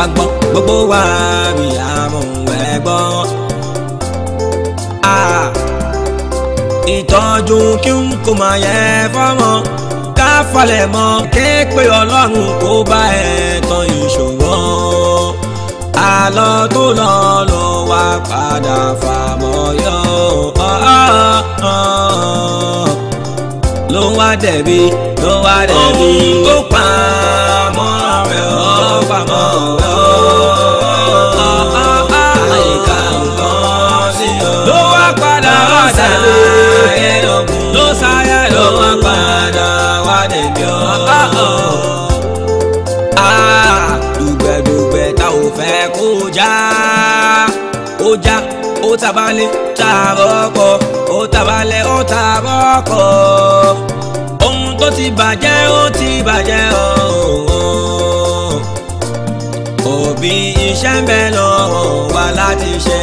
wa gbọ́ gbogbo wa rí àmúwẹ̀ gbọ́. ìtọ́jú kí n kò máa yẹ fọ́mọ ká falẹ̀ mọ́ kéèpé ọlọ́run kó bá ẹ tán ìṣòro. àlọ́ tó lọ lọ wá padà fàmọ́ yọ. Ah, ah, ah ló wá dẹ̀bi ló wá dẹ̀bi. ohun tó pa mọ́ rẹ̀ ọ́ ló pa mọ́ rẹ̀ ọ́. àyíká nǹkan sí ọ. ló wá padà wá dẹ̀bi ẹ̀ẹ́dọ̀gùn ló sáyà ló wá padà wá dẹ̀bi ọ́. dùgbẹ̀dùgbẹ̀ tá ò fẹ́ kó já kó já ó tabalẹ̀ tá a rọ́pọ̀ ó tabalẹ̀ ó tabọ́kọ̀ ohun tó ti bàjẹ́ ó ti bàjẹ́ ooo òbí iṣẹ́ ń bẹ lọ́wọ́ wa láti ṣe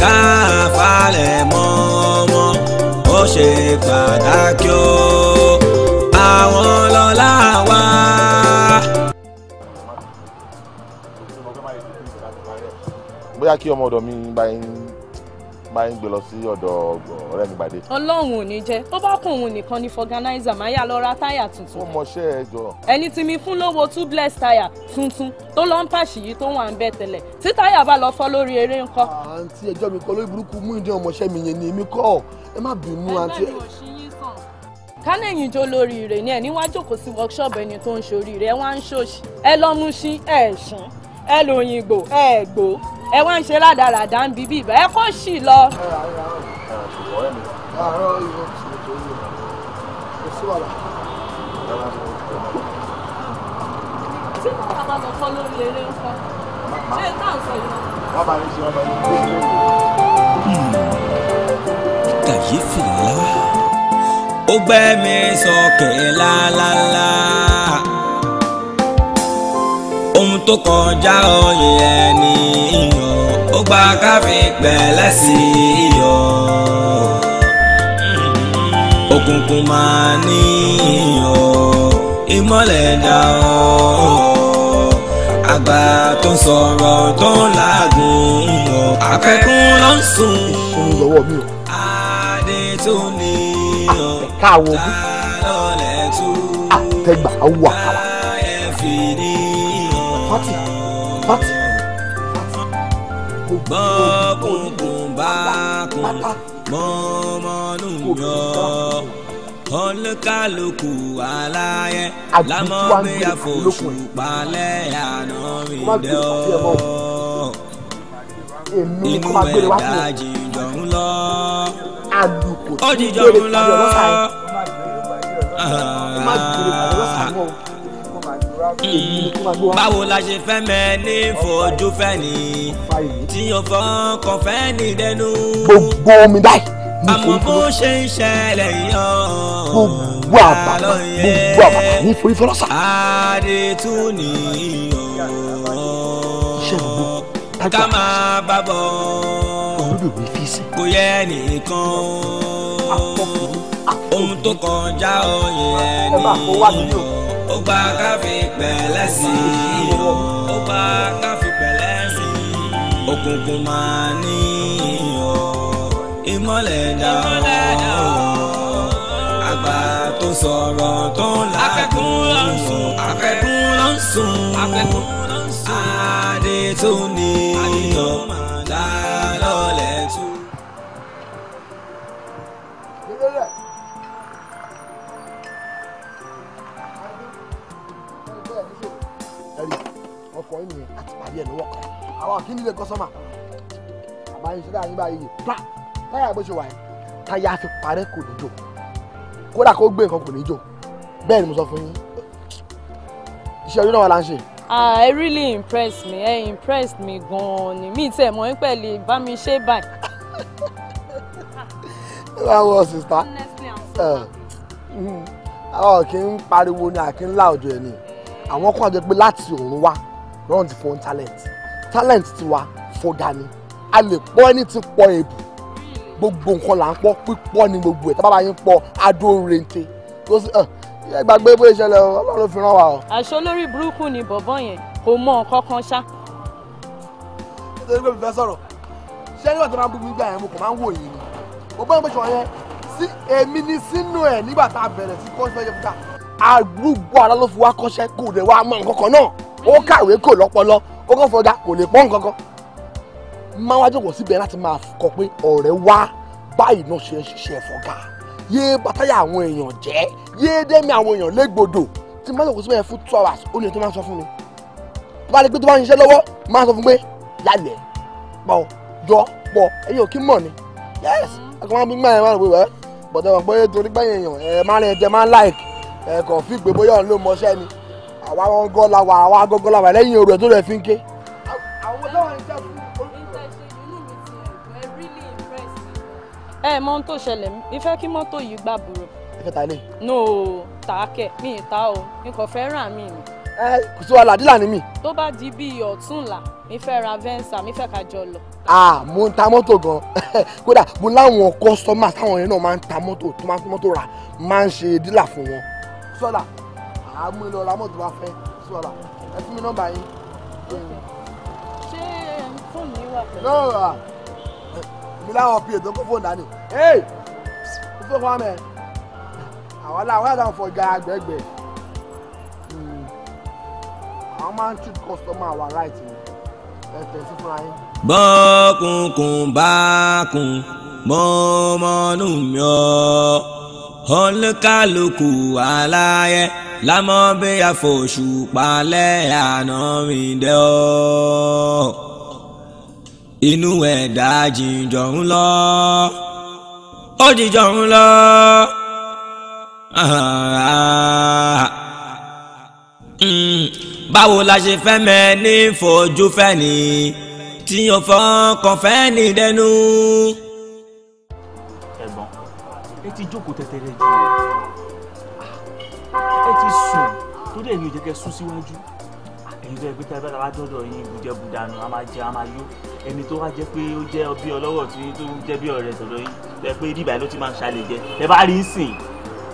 káfalẹ̀ mọ́ ọmọ ó ṣe pàtàkì o àwọn lọ́la wa. bóyá kí ọmọ ọ̀dọ̀ mi bá yín máa ń gbé lọ sí ọ̀dọ̀ ọ̀rẹ́ mi gbàdé. ọlọ́run ò ní jẹ́ tó bá kún òun nìkan ni fọganáìzà máa yà lọ ra táyà tuntun. ó mọṣẹ́ ẹ jọ. ẹni tí mi fún lówó two bless táyà tuntun tó lọ ń pàṣẹ yìí tó wà ń bẹ tẹ́lẹ̀ tí táyà bá lọ fọ́ lórí eré ńkọ́. àǹtí ẹjọ́ mi kọ́ lórí burúkú mú ìdí ọmọọṣẹ́ mi yẹn ni èmi kọ́ ẹ má bínú àǹtí. ẹgbẹ́ mi ò ṣí yín sàn. kánẹ̀yìn jó lóríire ni ẹ̀ níwájú kò sí workshop ẹni tó ń ṣoríire ẹ wá ń ṣòṣì ẹ lọ́mú sí ẹ̀ ṣán ẹ lóyìnbó ẹ gbó ẹ wá ń ṣe ládàradà ń bíbí ìbá ẹ kó sì lọ. kàyéfì ńlá. ó gbẹ́ mi sókè lálálá ohun tó kọjá òye ẹni iyọ̀ ó gba káfí pẹ̀lẹ́ sí iyọ̀ òkùnkùn máa ní iyọ̀ ìmọ̀lẹ̀ dá ọ́ àgbà tó sọ̀rọ̀ tó làágùn iyọ̀ àfẹ́kún ló ń sùn adé tó ní iyọ̀ ah, tá lọ́lẹ̀ tú àtẹgbà ah, wà kàrà fati fati fati. bọ́kùnkùn bá kùn mọ́mọ́nù yọ olùkálùkù aláyẹ lámọ́ bí àfọ̀ṣù palẹ̀ àná mi dẹ́ ọ́ inú ẹ̀dá jìjọ ń lọ ó jìjọ ń lọ. báwo la ṣe fẹ́ mẹ́ ní fojú fẹ́ ni tí o fọ́ kàn fẹ́ ní dẹnu. gbogbo omi báyìí. àmọ́ bó ṣe ń ṣẹlẹ̀ yàn. gbogbo àbàmà gbogbo àbàmà ní forí fọlọ́sà. adétún ni yàn. ká máa bá bọ̀. kò yẹ nìkan. ohun tó kọjá òye ni. ẹ ó gba káfí pẹ̀lẹ́ sí i ó gba káfí pẹ̀lẹ́ sí i òkùnkùn máa ní ìyọ̀ ìmọ̀lẹ̀ dá ọ̀ àgbà tó sọ̀rọ̀ tó ń ń sùn akẹ́kùn ló ń sùn adé tó ní ìyọ̀ lálọ́lẹ̀ tó. tiẹ̀ lọ́wọ́ àwọn kì í nílé kọ́sọ́mà àbáyé sọ́dọ̀ àyíbá yìí pa táyà bó ṣe wà yìí fi parẹ́ kò ní jò kódà kó gbé nǹkan kò ní jò bẹ́ẹ̀ ni mo sọ fún yín iṣẹ́ orí náà wà lá ah ẹ really impress me ẹ impress me gan-an ni mi tẹ̀ mọ́ pẹ̀lú bá mi ṣe báyìí. wá wọ sista mhm. àwọn kì í pariwo ni àkínlá ọ̀dọ̀ ẹ̀ ni àwọn kan jẹ pé láti òun wá run for own talent talent tiwa fọdà Dani. a lè pọ́ ẹni tí pọ́ èbù gbogbo nǹkan là ń pọ́ ni gbogbo ẹ̀ tábàbà yín pọ́ adó rente tó sì ẹ gbàgbé bó ìṣẹ̀lẹ̀ Ọlọ́run fi ràn wá o. àṣọ lórí burúkú ni bọ̀bọ̀ yẹn kò mọ nǹkan kan ṣá. nítorí pé mi fẹ́ sọ̀rọ̀ ṣé nígbà tó máa ń mi gbà yẹn mo kàn máa ń wò ni mo bá ń pèsè wọn yẹn sí èmi ni sínú ẹ̀ nígbà tá a bẹ̀rẹ̀ sí kọ́ńtẹ́ẹ̀jẹ̀ fúta àgbúgbò àlọ́ ló fi wá kọ́ṣẹ́ kò dé wá mọ nǹkan kan náà ó kàwé kò lọ́pọlọ ó kàn fọdá kò lè pọ́n kankan máa wá jókòó síbẹ̀ láti máa kọ pé ọ̀rẹ́ wá báyìí náà ṣe ń ṣiṣẹ́ fọ̀gá yéé bàtáyà àwọn èèyàn jẹ́ yéé dẹ́mi àwọn èèyàn légbodò tí máa jókòó síbẹ̀ fún two hours ó ní ètò máa ń sọ fún mi tó bá rí pé tó bá ń ṣiṣẹ́ lọ́wọ́ máa sọ fún pé lálẹ́ pọ̀ jọ pọ̀ ẹ̀yin ò kí mọ̀ ni yes ẹ̀kọ́ máa bí máa ń wọ̀ wẹ́ bọ̀dọ̀ wọn pé torí gbẹ̀yìn èèyàn ẹ̀ máa ń jẹ máa ń like ẹ̀kọ́ fi gbé bóyá òun ló mọṣẹ́ ni àwa gọ́gọ́ la wà àwa gọ́gọ́ la wà lẹ́yìn orò ẹ̀ tó rẹ̀ fi ń ké. ẹ mọ ohun tó ṣẹlẹ̀ ìfẹ́ kí mọ́tò yìí gbà búrò. ìfẹ́ ta ilé. no ta kẹ mi ta o n kò fẹ́ ràn mí ni. ẹ kò sí wàhálà dílà ni mi. tó bá di bíi ọ̀túnla mi fẹ́ ra venza mi fẹ́ ká jọ lọ. ah mo ń ta mọ́tò gan-an kódà mo láwọn kọ́sọ́mà táwọn yẹn náà máa ń ta mọ́tò tó máa ń fi mọ́tò rà máa ń ṣe dílà fún wọn. sọ́dà àmú ilé ọ̀la mọ̀ tó bá fẹ́ sí ọ̀la ẹ fún mi nọ́mbà yín. ṣé fóònù yín wà pẹ̀lú. náà mi láwọn pa ètò fóònù dání ee kó fóònù wà mẹ́ àwọn aláwọ̀ yàtọ̀ fọjá gbẹ̀gbẹ̀ àwọn máa ń treat customer our right ẹ tẹ̀sí fúnra yín. bọ́ọ̀kùnkùn bá kùn mọ́ọ́mọ́nù mi ọ́ ọ̀lùkálùkù aláyẹ lámọ́ bí àfòṣùpá lẹ́yìn àná mi dẹ́ ọ́ inú ẹ̀dá jìnjọ̀ ń lọ ó jìnjọ̀ ń lọ ah, ah. Hmm, báwo la ṣe fẹ́ mẹ́ ní fojú fẹ́ ni tí o fọkàn fẹ́ ní dẹnu. ẹ̀gbọ́n ẹ ti jókòó tẹ̀tẹ̀rẹ̀ jù ẹ ti sùn tó dẹ̀ ní ìjẹ́kẹ́ sún síwájú ẹ̀yin tó yẹ pé tẹ́lifíṣà bá dọ́dọ̀ yín bùjẹ́bùdànù a máa jẹ a máa yó ẹni tó wá jẹ́ pé ó jẹ́ ọbí ọlọ́wọ̀ tí tó jẹ́ bí ọ̀rẹ́ tọ̀dọ̀ yín tó yẹ pé ibi ìbàlẹ̀ ló ti máa ń ṣàlẹ̀ jẹ ẹ bá rí sìn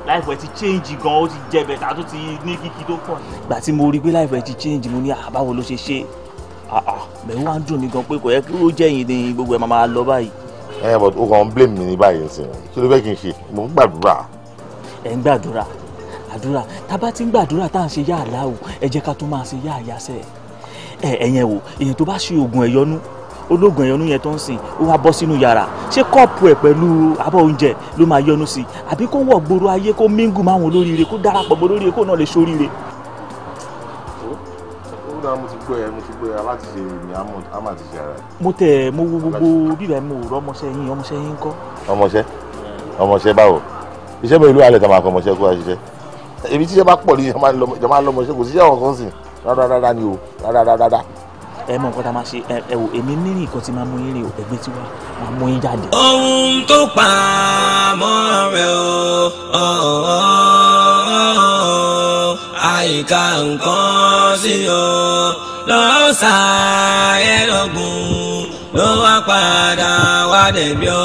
láìpẹ́ ti change gan ó ti jẹ bẹ̀tà tó ti ní kíkí tó pọ̀. ìgbà tí mo rí i pé láìpẹ́ ti change mo ní àbáwo ló ṣe ṣe bẹ̀rù wá ń dùn mí gan pé kò yẹ kí ó jẹ́ yìí ni gbogbo ẹ̀ máa máa lọ báyìí. ẹ eh, but o kàn ń blame mi ní báyìí sí kí ló fẹ́ kí n ṣe mo ń gbàdúrà. ẹ ń gbàdúrà àdúrà tá a bá ti ń gbàdúrà tá à ń ṣe yá àlá o ẹ jẹ́ ká tó máa ṣe yá àyàsẹ́ ẹ ẹ̀yẹn wò èyàn tó bá ṣe oògùn ẹ̀yọnú olóògùn ẹ̀yọnú yẹn tó ń sìn ó wá bọ́ sínú yàrá ṣé kọ́ọ̀pù ẹ̀ pẹ̀lú abọ́ oúnjẹ ló máa yọnu sí àbí kó wọ̀ gbòòrò ayé kó mingu máwọn olóríire kó darapọ̀ mọ́ olóríire kó náà lè ṣoríire. ó dáa mo ti mo tẹ mo wo gbogbo bíbẹ mo rọ ọmọṣẹ yín ọmọṣẹ yín kọ. ọmọṣẹ ọmọṣẹ báwo iṣẹ́ mi ìlú alẹ́ ta máa kọ ọmọṣẹ kó wa ṣiṣẹ́ èmi tíṣẹ́ bá pọ̀ ní ìjọba lọ́mọṣẹ́ kò síṣẹ́ ọ̀kan sìn rárá rárá ni o rárá rárá ẹ mọ nǹkan tá a máa ṣe ẹ wò èmi ní nǹkan tí máa mú yín rè o ẹgbẹ́ tí wà máa mú yín jáde. ohun tó pa mọ́ rẹ̀ o àìka nǹkan sí o lọ́sàáyé lọ́gùn ló wá padà wá dẹ̀bi o.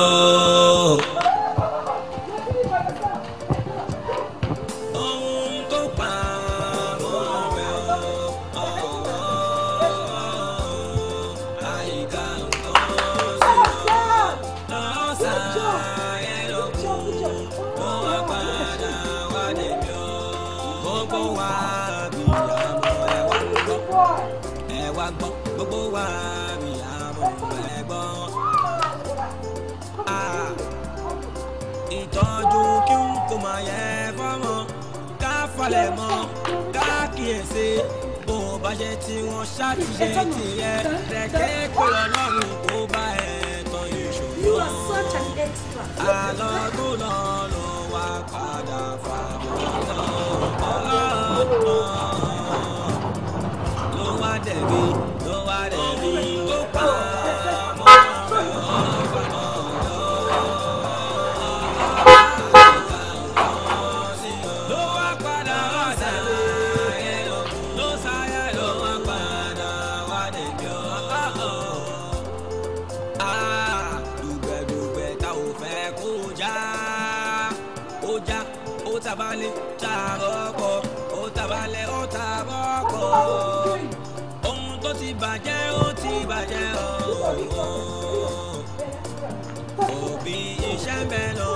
falẹ̀ mọ́ káàkiyèsí bó o bá ṣe tí wọ́n ṣàtìṣe tìyẹ rẹ̀kẹ́ pé ọlọ́run kó bá ẹ̀ ìṣòro àlọ́dún náà ló wá padà fàbọ̀ náà ọlọ́run náà ló wá dẹ̀bi. mélodie.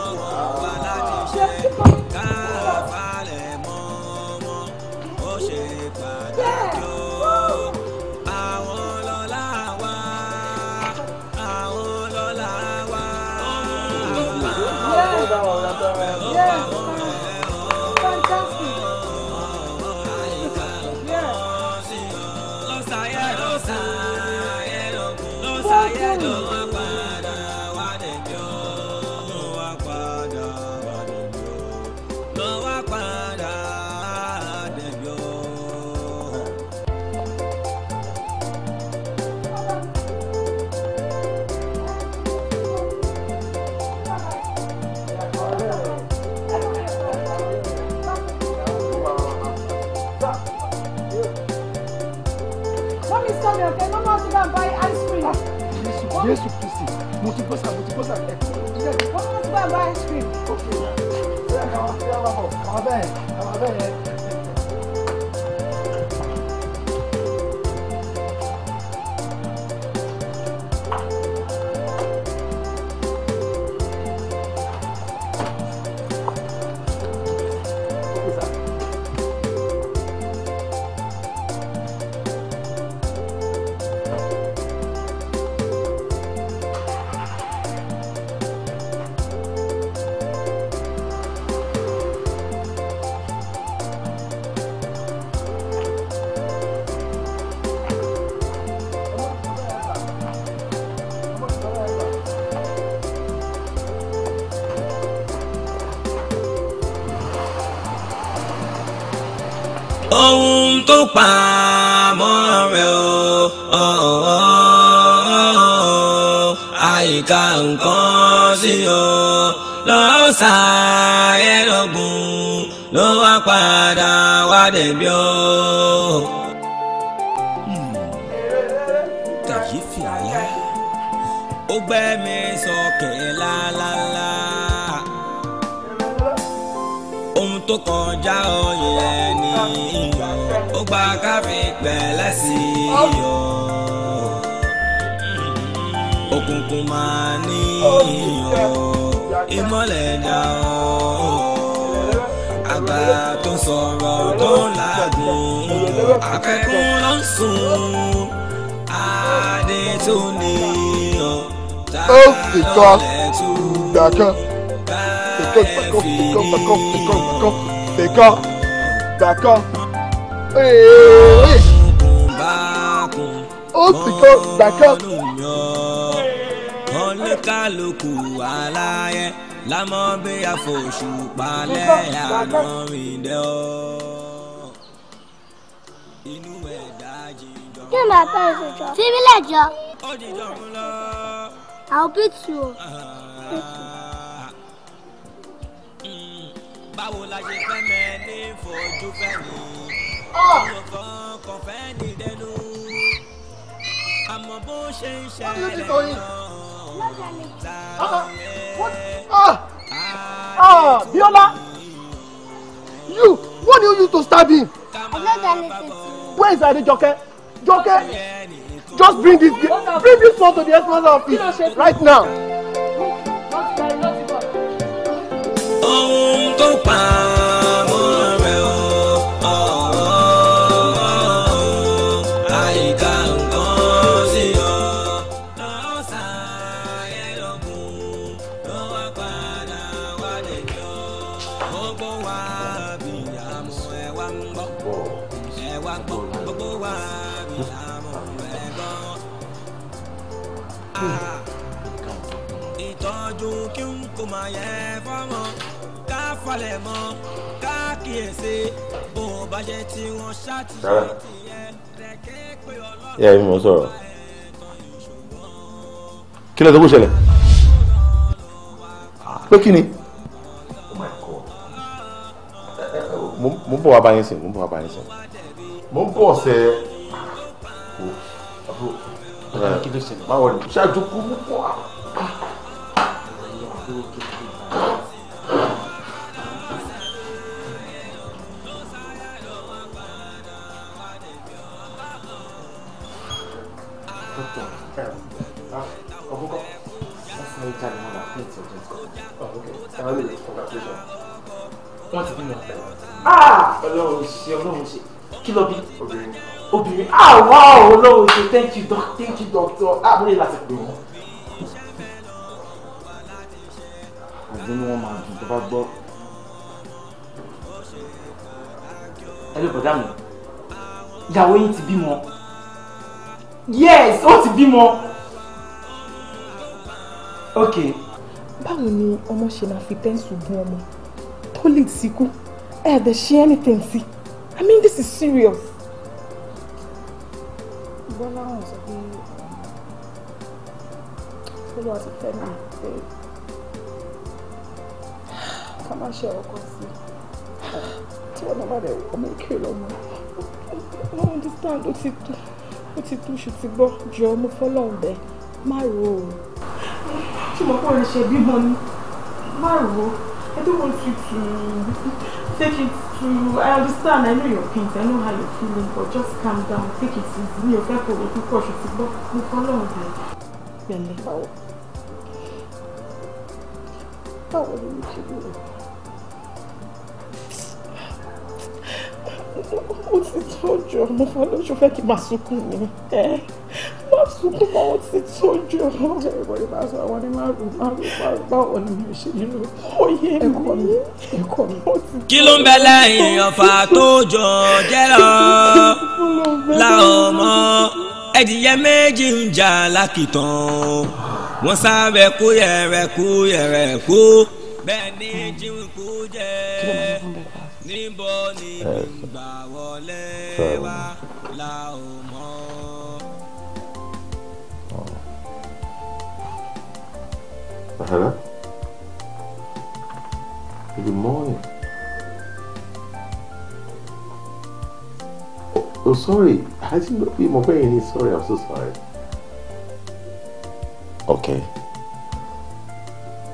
不要吵，不要吵，麻烦你，麻烦 wá dẹ̀bi ọ́. kàyéfì hmm. àyà ó gbẹ́ mi sọ̀kè lálálá ohun tó kọjá òye ni ó gba káfí pẹ̀lẹ́ sí i hmm. òkùnkùn máa ní yọ ìmọ̀lẹ̀ dá ọ́ àgbà tó sọ̀rọ̀ tó làgùn akẹ́kọ̀ọ́ ló ń sùn adé tó ní ọ̀ tá a lọ́lẹ̀ tó bá fẹ́ fi ó sì kọ́ gbàkọ́. oníkálukú aláyẹ lámọ́ bí àfòṣùpá lẹ́yà àná ìdẹ́ ọ́ inú ẹ̀ dájí jọ. kí ni àpá ẹ̀sìn jọ. síbílẹ̀ jọ. ó di jọ̀run lọ. I'll beat you. Hmm, báwo la ṣe fẹ́ mẹ́ fojú fẹ́ mi. ọ̀rọ̀ kan kò fẹ́ ní dẹnu. àmọ́ bó ṣe ń ṣẹlẹ̀ náà. Ah, Ah, ah, Biola, you, what do you use to stab him? Where is Adejoke? Joke, just bring this, bring this one to the headmaster office right now. Ohun tó pa. rárá ìyá mi mò ń sọ̀rọ̀ kí ló tó kù ṣẹlẹ̀ pé kí ni oh mo ń bọ̀ wá báyìí sìn mo ń bọ̀ wá báyìí sìn mo ń bọ̀ ṣe báwo ni ṣáàjú kú mú pọ̀ á. ẹ̀rọ mi lè congratulation wọ́n Ah! bímọ ọlọ́run ṣe ọlọ́run ṣe kí ló bí obìnrin obìnrin àwa ah, ọlọ́run ṣe thank you doc thank you doctor àbúrò ah, láti pè wọ́n. àgbẹ̀ ni wọ́n máa dùn tó bá gbọ́. ẹ ló bọ̀dá mi ìyàwó yín ti bímọ yes ó ti bímọ. okay báwo ni ọmọ ṣe máa fi pẹ́ńsù gún ọmọ tó lè síkú ẹ̀ dẹ̀ ṣe anything sí i mean this is serious. bọ́lá ọ̀hún sọ pé olúwa ti fẹ́ mi pé ká má ṣe ọkọ sí tí wọn bá rẹ ọmọ èké lọmọ wọn understand ó ti tó ó ti tó ṣù ti gbọ́ jọ mo fọlọ́ọ̀ bẹ́ẹ̀ má ro òun ṣé mo kó lè ṣe bímọ ni má rò ó I don't want you to take it to I understand I know your pain. I know how you're feeling but just calm down take it easy mi ò fẹ́ kó o púpọ̀ ṣùgbọ́n gbọ́ mo kọ́ lọ́rùn bẹ̀rẹ̀ pẹ̀lẹ́. báwo báwo ni mo ṣe lè mo ti tọ́jú ọmọ fọlọ́ṣọ́ fẹ́ kí n máa sunkún mi má sunkún mọ́ wọn ti tọ́jú ọmọ rẹ̀ ìwọ̀n ìbá sọ àwọn ní márùn márùn márùn báwo ni mi kú yẹ̀rẹ̀ kú kú bẹ́ẹ̀ ni jíun kú jẹ́ níbo ni gbà wọlé wá. Hello? Good morning. Oh, oh sorry. I didn't know you were any. Sorry, I'm so sorry. Okay.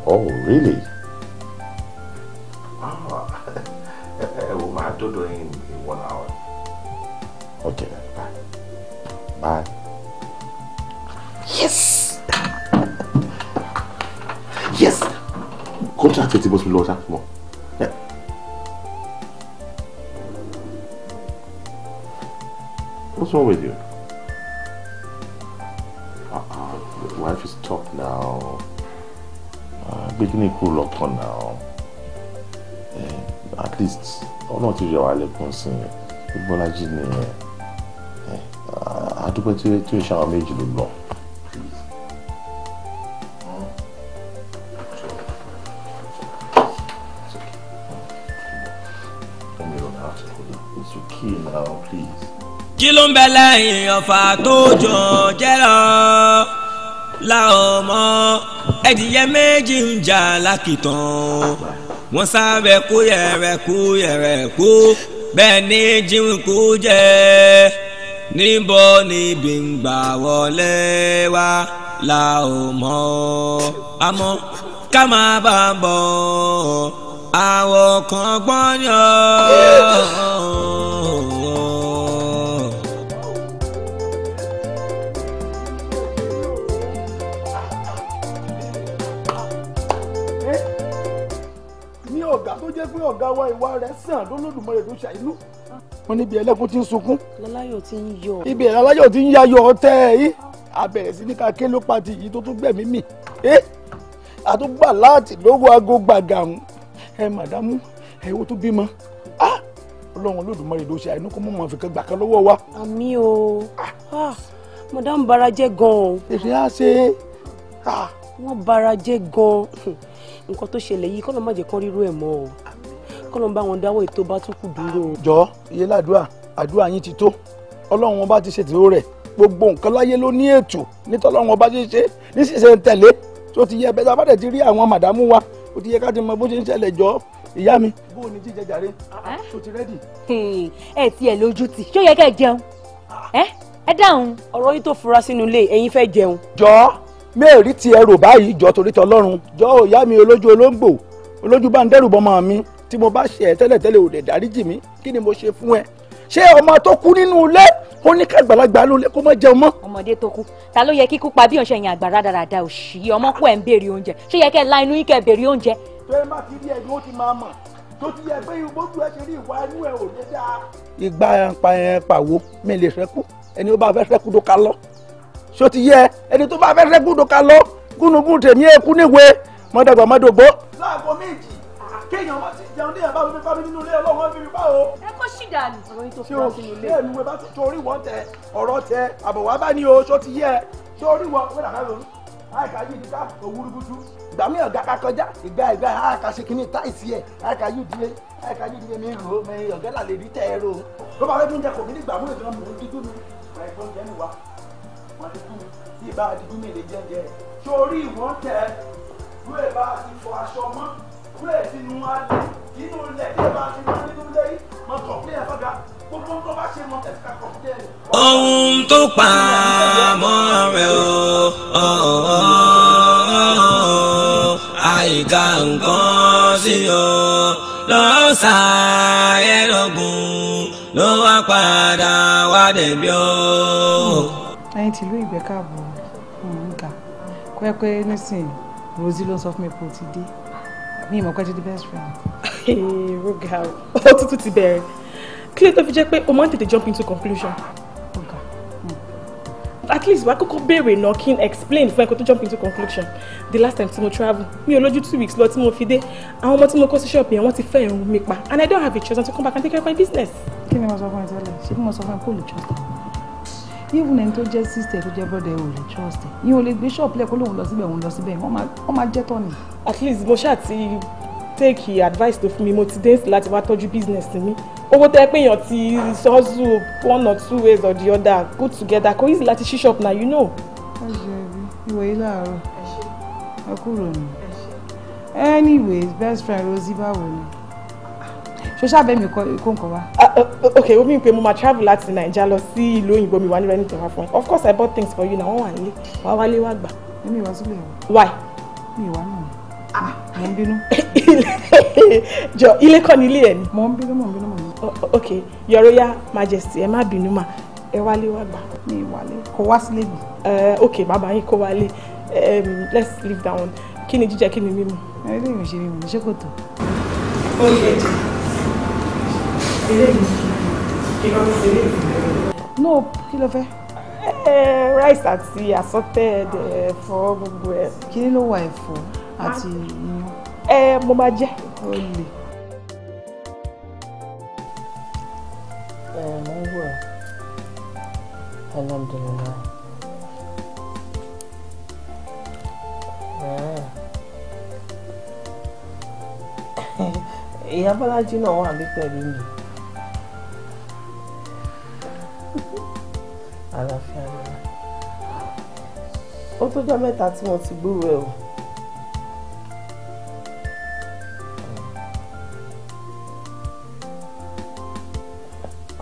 Oh, really? Ah, oh, my daughter in one hour. Okay, bye. Bye. Yes! yes contract ti bọ́ sí mi lọ́wọ́ sá mọ́. What's wrong with you? Uh-uh, life is tough now. cool lock on now. Eh, at least ọ̀nà tí yọ alẹ́kùn sí i, Bọ́lájí ni àdúgbò eh, tí ó ṣàwọn méjì ló lọ. chill oh, now please. kí ló ń bẹ lẹ́yìn ọ̀fà tó jọ jẹ́rọ la ọmọ ẹ̀dìyẹ méjì ń jà lákìtàn wọ́n sábẹ́ kú yẹ̀rẹ̀ kú yẹ̀rẹ̀ kú bẹ́ẹ̀ ni jíun kú jẹ́ níbo níbi ń gbà wọlé wá la ò mọ̀ àmọ́ ká máa bá bọ̀ àwọn kan gbọ́n yàn. ọ̀gá wa ìwà rẹ̀ sàn lólódùmarè tó ṣàìlú. wọ́n níbi ẹlẹ́kùn ti ń sunkún. lọ́láyọ̀ ti ń yọ. ibi lọ́láyọ̀ ti ń yayọ̀ ọtẹ́ yìí abẹ̀rẹ̀ sí ní ká ló pa ti yìí tó tún gbẹ̀mí mì. ẹ àtúgbà láti lówó aago gbàgà ń ẹ màdámù ẹ wo tó bímọ. ọlọ́run olódùmarè tó ṣàìlú kó mọ̀ madam bara jẹ́ nǹkan tó ṣẹlẹ̀ yìí kọ́nà má jẹ́ kán rírú ẹ̀ mọ́ o kọ́lọ́n bá wọn dáwọ́ ètò bá tún kù dúró. jọ iye ládùúà àdúrà yín ti tó ọlọ́run wọn bá ti ṣètò rẹ̀ gbogbo nǹkan láyé ló ní ètò nítọ́lọ́run wọn bá ti ṣe nísinsìnyí tẹ̀lé tó ti yẹ bẹ́ẹ̀ sábàdẹ̀ ti rí àwọn màdámù wa ó ti yẹ ká ti mọ bó ṣe ń ṣẹlẹ̀ jọ ìyá mi. bó o ní jíjẹ jàre tó ti rẹ́dì. ẹ tiẹ̀ lójú tì ṣó yẹ kẹ́ ẹ jẹun ẹ dáhùn. ọ̀rọ̀ yìí tó fura sínú ilé ẹ̀yin fẹ́ jẹun. jọ mẹ́ẹ̀rí ti ẹrù báyìí jọ torí tọlọ́run jọ ìyá mi olójú olóńgbò olójú bá ń dẹ́rù bọ́mọ mi tí mo bá ṣe ẹ tẹ́lẹ̀tẹ́lẹ̀ ò lè dáríjì mi kí ni mo ṣe fún ẹ ṣé ọmọ tó kú nínú ilé ó ní ká àgbàlagbà ló lé kó má jẹun mọ́. ọmọdé tó kú ta ló yẹ kíkú pa bí òun ṣe yàn àgbà rádaràda òṣì ọmọ kú ẹ̀ ń béèrè oúnjẹ ṣé yẹ kẹ́ ẹ la inú yín kẹ́ ẹ béèrè oúnjẹ. pé má ti rí ẹni ó ti máa mọ̀ tó ti yẹ pé ìgbójú ẹ ti rí ìwà inú ẹ ò ní dáa. ìgbà ẹ̀ǹpa ẹ̀ǹpa wo mi lè ṣẹ́kù ẹni ó bá fẹ́ ṣẹ́kù tó ka ṣó ti yẹ ẹni tó bá fẹ́ ṣẹ́kù tó ka lọ kúnnugún tèmi ẹ̀kú níwèé mọ́dàgbà mọ́dògbó. láàgọ́ méjì kéèyàn bá ti jẹun déèyàn bá fi fámi nínú ilé ọlọ́wọ́n fi mi bá o. ẹ kó ṣì dànù. ọ̀rọ̀ yìí tó fi wá sínú ilé. bẹ́ẹ̀ ni wọ́n bá ti torí wọ́n tẹ ọ̀rọ̀ tẹ àbọ̀wá bá ní o ṣó ti yẹ torí wọ́n wẹ́n àká lóru àìkà yìí ti ká òwúrúgúdú. ìgbà mi ọ̀gá kakọjá ìgbà ìgbà àìkà ṣe kínní táìsì ẹ̀ àìkà yìí dílé àìkà yìí dílé mi rò ó mi ọ̀gá là lè rí tẹ̀ ẹ́ rò ó. ló bá fẹ́ fi ń jẹ kòmí nígbà mú ìdán mò ń dídú mi ẹ̀gbọ́n jẹ́ mi wá wọ́n ti kú mi bí ìbá àdìgún mi lè jẹ́ jẹ́ torí ìwọ́n tẹ̀ lóye bá ti fọ aṣọ mọ́ kúrẹ̀ sínú alẹ́ nínú ilẹ̀ kí ẹ máa ṣe máa nínú ilé yìí máa kọ̀ pé ẹ fọ́gà gbogbo tó bá ṣe mọ ẹ̀ka kọ̀ pé ẹ. ohun tó pa mọ́ rẹ̀ o àìka nǹkan sí o lọ́sàáyé ló wá padà wá dẹ̀bi o. ẹ̀yin tìlú ìgbẹ́kàbọ̀ òun ga kọ́ ẹ pé nísìnyí Rosie ló sọ fún mi pé o ti dé mi ìmọ̀ pẹ́ ti di best friend. roga ó tuntun ti bẹ̀rẹ̀ kí ló tó fi jẹ́ pé o máa ń tètè jump into conclusion. roga hmm. at least wàá kọ́kọ́ béèrè náà kí n explain fún ẹ kó tó jump into conclusion the last time tí mo travel mi ò lójú two weeks lọ tí mo fi dé àwọn ọmọ tí mo kó sí ṣọ́ọ̀bù yẹn wọ́n ti fẹ́ ẹ̀rù mi pa and i don't have a choice until come back and take care of my business. kí ni mo sọ fún ẹ tẹ́lẹ̀ ṣé bí mo sọ fún ẹ kó lè trust me even ẹni tó jẹ́ sister tó jẹ́ brother ẹ ò lè trust ẹ yín ò lè gbé ṣọ́ọ̀pù lẹ̀ kó lóun lọ síbẹ̀ òun lọ síbẹ̀ wọ́n máa jẹ́ tọ́ at least mo ṣáà ti take advice tó fún mi mo ti dé láti wá tọ́jú business mi owó tẹ́ pé èèyàn ti hustle one or two ways or the other put together kò easy láti ṣí shop na you know. ẹ ṣe ìwé yìí láàárọ̀ ẹ kúrò ní. anyways best friend Rosie báwo ni ṣo ṣáàbẹ̀ mi kó nǹkan wá. Ah, oh, oh, ok ó mìíràn pé mo máa travel láti naija lọ sí ìlú òyìnbó mi wá nílò anything wá fún ẹ of course i bought things for you na wọ́n wà nílé wà á wálé wá gbà. èmi ìwà sílẹ̀ o. why. mi ìwà náà mò ń bínú. jọ ilé kọ́ ni ilé ẹ̀ ni. mò ń bínú mò ń bínú mò ń bínú. Oh, ok your royal majesty ẹ má bínú mà ẹ wálé wá gbà. mi ìwàlé kò wá sílé mi. Eh, ok bàbá yín kò wálé let's leave that one kí ni jíjẹ kí ni mímu. ẹ lè rìn ṣe mímu ṣé kò tó. ó yẹ jù no kí ló fẹ́ eh, rice àti assorted eh, ẹ̀fọ́ gbogbo ẹ̀. kí ló wà ẹ̀fọ́ àti ah. iyán. ẹ eh, mo máa jẹ. o lè. Eh. mo ń wọ alhamdulilayi. ìyá bọ́lájí náà wà ní pẹ̀lú mi. àlàáfíà ni wà ó tó jọ́ mẹ́ta tí wọ́n ti gbúrò ẹ̀ o.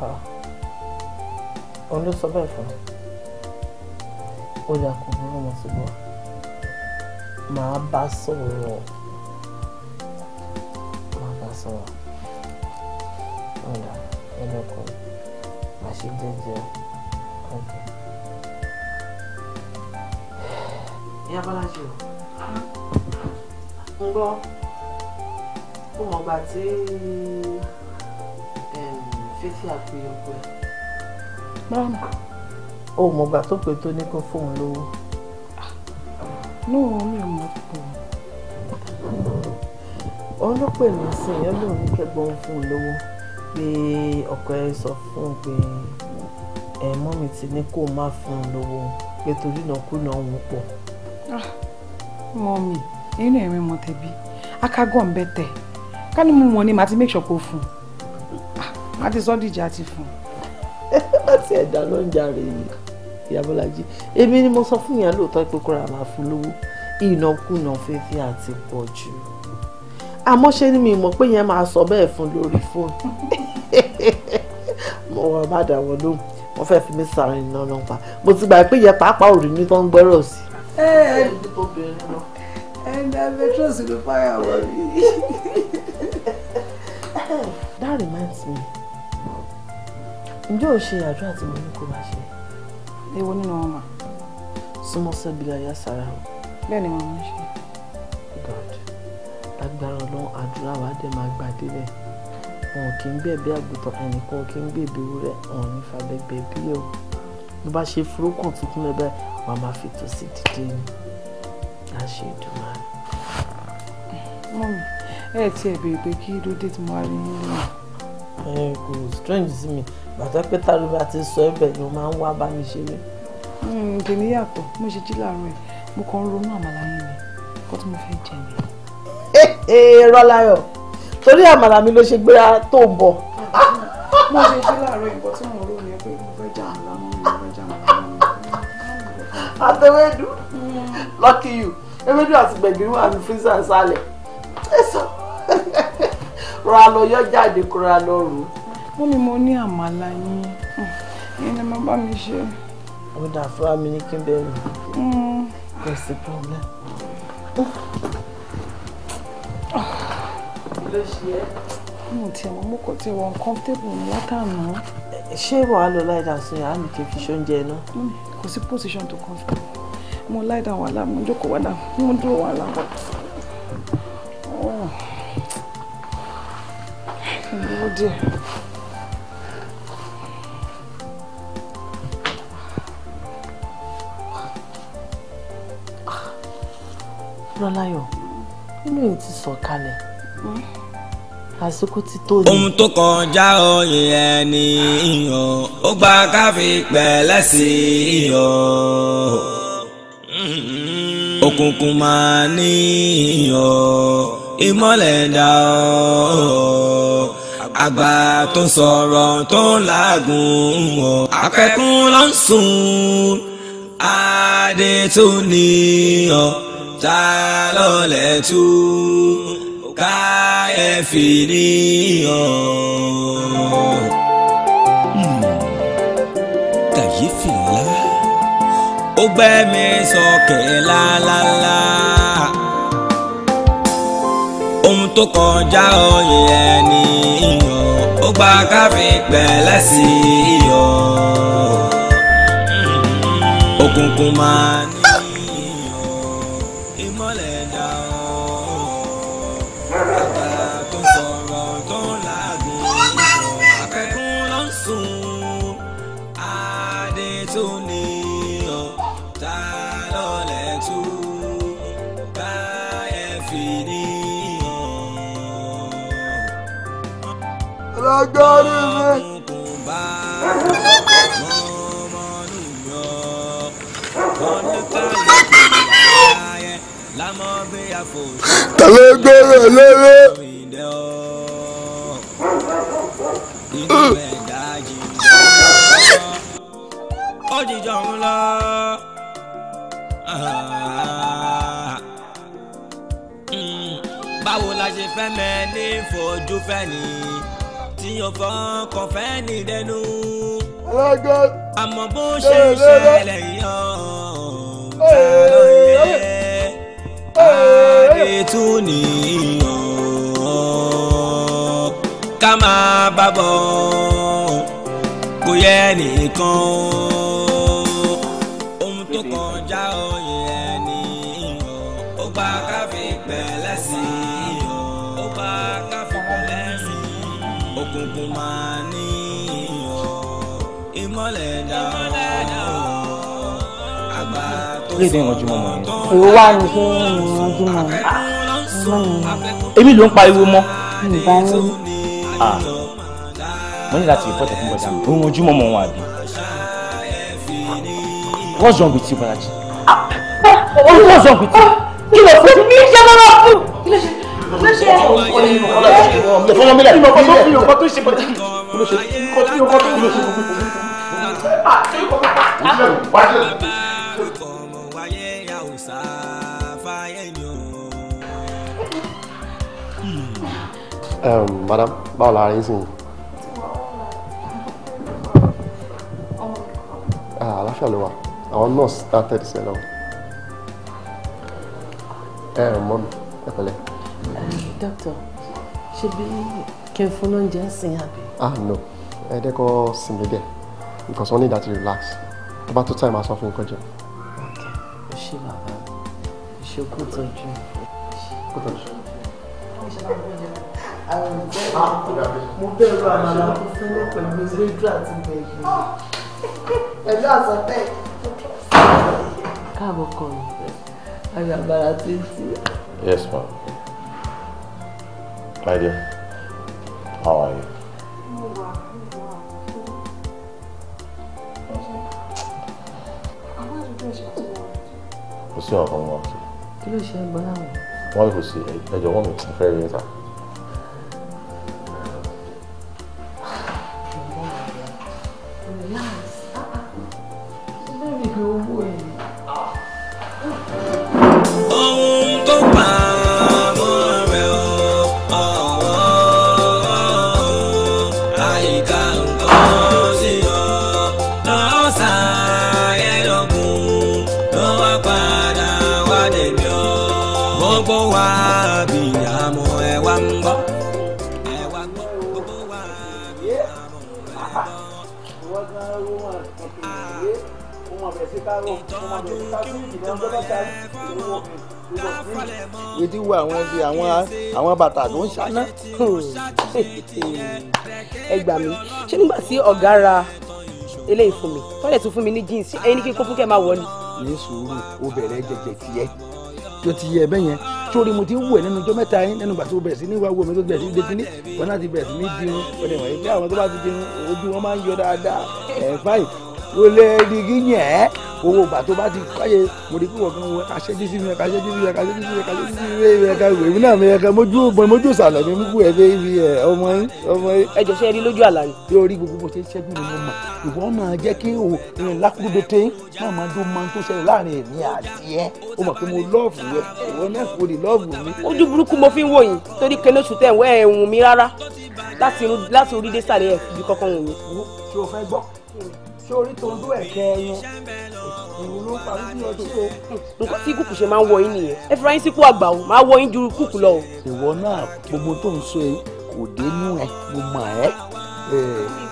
Ah. òun ló sọ bẹ́ẹ̀ fún ó yà kó burú wọn ṣùgbọ́n màá bá sọ̀rọ̀ màá bá sọ̀rọ̀ ọ̀dà ẹlẹ́kọ̀ọ́ màá kọ̀ọ̀kan. ìyá bọ́lájì o ń gbọ́ ó mọ̀ gbà tí fífi àpèyàn pẹ̀. mọ́mọ́ ó mọ̀ gbà tó pé tó ní kó fóun lówó. náà mi ò mọ̀ pé òun ló pè mí sí ìyẹn lòun ní kẹgbọn lou, un lówó pé ọkọ ẹ sọ ẹ mọ́mì ti ní kó má fún un lówó pé torí ìnákúnà òun pọ̀. Ah, mọ́mì inú ẹ̀rín mọ tẹ̀bí akágọ̀ ń bẹ tẹ̀ ká ní mú wọn ni màá ti make sure kó fún un ah, màá ti sọ́ dìjà ti fún un. láti ẹ̀dá ló ń jà rè yìí ìyá Bọ́lájí èmi ni mo sọ fún ìyá lóòótọ́ pé kó ra máa fún lówó ìnákúnà fífi àti pọ̀ jù àmọ́ ṣe ni mi mọ̀ pé yẹn máa sọ bẹ́ẹ̀ fún lórí fóònù mo wà má dà wọ́n lóhùn wọ́n fẹ́ fi mí sàrán iná náà pa mo ti gbà pé yẹ pàápàá ò rí ní tó ń gbẹ́rọ̀ sí. ẹ ẹ ẹni abetrọ́sì ló fara wọ̀ mí. that reminds me ǹjẹ́ o ṣe àjọ àti mo ní kó máa ṣe. èwo nínú wọn mà. súnmọ́ sẹ́bìlà yá sára bẹ́ẹ̀ ni màmá ń ṣe. god lágbára ọlọ́run àdúrà wa dé máa gbà débẹ̀ wọn kì í gbẹ̀bí àgùntàn ẹnìkan kì í gbẹ̀bí ewúrẹ́ wọn ní fàbẹ́gbẹ́ bí o bó bá ṣe furókàn tuntun lẹ́bẹ̀ wàá máa fi tòsí dìde ni a ṣe ìdùnnú rẹ. mọ́mí ẹ ti bèrè pé kí ló dé tí mo wá rí nínú rẹ̀. ẹ kò strange sí mi bàtà pé tàlùbà ti sọ ẹ̀bẹ̀ ni mo máa ń wá bá mi ṣeré. kìnìún hmm, yàtọ̀ mo ṣe jí láàárọ̀ ẹ̀ mo kàn ń ronú àmàlà yín ni kó tí mo fẹ́ jẹ mi. ẹ ẹ rọ́láyọ̀ torí àmàlà mi ló ṣe gbéra tó ń bọ̀. mo ṣe jí láàárọ̀ ìbọn tí mo rò ní pé mo fẹ́ jà àmàlà mọ́ mi mo jà àmàlà mọ́ mi. àtẹwédú lucky you ewédú àti gbẹ̀gìrì wà ní freezer sálẹ̀ rọra lọ yọ jáde kó rọra lọ rò wọ́n ní mo ní àmàlà yín yín ni mo bá mi ṣe. ó dà fún mi ní kí n bẹ̀rù hmm. kò sí problem. Oh ló ṣe ẹ́. mo ti àwọn mo kò ti wọ nǹkan tébù mi látàná. ṣé wàá lọ láì dà sí àmì kí fi ṣóúnjẹ náà. Mm, kò sí position tó kàn fún mi mo láì dà wàhálà mo jókòó wàhálà mo dúró wàhálà bọ̀. ìdúró oh, díẹ̀. Lọ́láyọ̀, inú èyí ti sọ̀kalẹ̀. Mm àsìkò ti tó ni. ohun tó kọjá oyè ẹni iyàn ó gba káfí pẹ̀lẹ́ sí iyàn òkùnkùn máa ní iyàn ìmọ̀lẹ̀ dá ọ́ àgbà tó sọ̀rọ̀ tó làágùn ọ̀ akẹ́kùn ló ń sùn adé tó ní ọ̀ ta lọ́lẹ̀ tún káyẹ̀fì ni o. kàyéfì hmm. ńlá ó gbẹ́mi sókè lálálá ohun tó kọjá òye ẹni o ó gba káfí pẹ̀lẹ́ sí i hmm. òkùnkùn máa ní. lágbárí mi. ta ló báwo la ṣe fẹ́ mẹ́ ní fojú fẹ́ ni tí ọ̀fọ̀ kan fẹ́ ní dẹnu. àmọ́ bó ṣe ń ṣẹlẹ̀ yàn tá ló yẹ àdètún nìyàn ká máa bá bọ̀ kò yẹ nìkan. lè dé ìrànjúmọ́ mọ̀ yẹn. èwo wá ní pé ìrànjúmọ́ èmi ló ń pariwo mọ́. mo ní láti rìpọ́tẹ̀ fún bọ́dà mi ìrànjúmọ́ mọ̀ wọn àbí. what's wrong with you balaji. what's wrong with you. kí ló fún mi ṣe mọ́ náà fún. kí ló ṣe fọwọ́ mílẹ̀ nǹkan tó ṣe pẹ̀lú nǹkan tó ṣe pẹ̀lú. madam báwo la ara yín sìn yín. àlàáfíà ló wà àwọn nurse started sí ẹ lọ. ẹ ẹ mọ mi ẹ pẹ̀lẹ́. doctor ṣe bí kí n fún ah no ẹ dẹ́kọ̀ sinmi díẹ̀ because wọ́n ní that to relax tó bá tó time aṣọ fún nǹkan jẹ. ok ṣé bàbá ṣe kó tọ́jú. kó tọ́jú mo bẹ̀rù àmàlà tó fẹ́lẹ́ pẹ̀lú rédíò àti bẹ̀rù pẹ̀lú àsọtẹ́. káàbọ̀ kọ̀ mi ayọ̀ àmàlà tó ń ti. yes ma my dear how are you. kò sí ọ̀kan wọn. kí ló ṣe é gbọ́n náà. wọ́n kò sí ẹjọ́ wọn mi fẹ́ rí níta. owó ẹ̀. ohun tó pa ọmọ rẹ̀ ọ̀wọ́ àyíká nǹkan sí ọ lọ́sàn-án ẹ̀yọ̀kùn ló wá padà wá dẹ̀bí ọ. ìtọ́jú kíkùnmọ̀lẹ́ fọmọ káfalẹ̀ mọ́. gidi wo àwọn ibi àwọn àwọn bàtà tó ń ṣáná. ẹ gbà mí ṣé nígbà tí ọ̀gá ra eléyìí fún mi tọ́lẹ̀ tún fún mi ní jeans ẹni kí n kó fún kẹ́ máa wọ ni. ní sùúrù ó bẹ̀rẹ̀ jẹjẹ tiẹ̀ tó ti yẹ ẹbẹ yẹn sórí mo ti wù ẹ nínú ọjọ́ mẹ́ta yín nínú gbàtí o bẹ̀rẹ̀ sí ní ìwáwó mi tó bẹ̀rẹ̀ sí ní dekini wọn náà ti bẹ̀rẹ̀ sí ní dirun ọdẹ wọ̀nyí bí àwọn tó bá ti dirun ojú wọn máa ń yọ dáadáa ẹ fáyì ló lé digi yẹn owó ìgbà tó bá ti káyé mo rí pípọ̀ kan wọ kàṣẹ́jú sí mi ẹ̀ kàṣẹ́jú sí mi ẹ̀ kàṣẹ́jú sí mi ẹ̀ kàṣẹ́jú sí mi ẹ̀ ká ìwé mi mi ẹ̀ ká mojú bọ̀ mojú sàlẹ̀ mi mú kú ẹ̀ fẹ́ ibi ẹ̀ ọmọ yín ọmọ yín. ẹ jọ ṣe rí lójú àlá yìí. yóò rí gbogbo ṣe ṣẹ́jú ni mo mọ̀ ìwọ máa jẹ́ kí ìrìn lákúrúdete náà máa jó máa tó ṣẹlẹ̀ láàrin èmi àti ẹ ó mọ̀ pé mo lọ́ọ̀fù rẹ ìwọ náà orí tó ń dún ẹ̀kẹ́ ẹran èyí ló ń pa ní ọdún tó. nǹkan tí kùkù ṣe máa ń wọ yín nìyẹn ẹ fura yín sípò àgbà o máa wọ yín ju kùkù lọ o. ìwọ náà gbogbo tó ń sọ yìí kò dénú ẹ mo mọ ẹ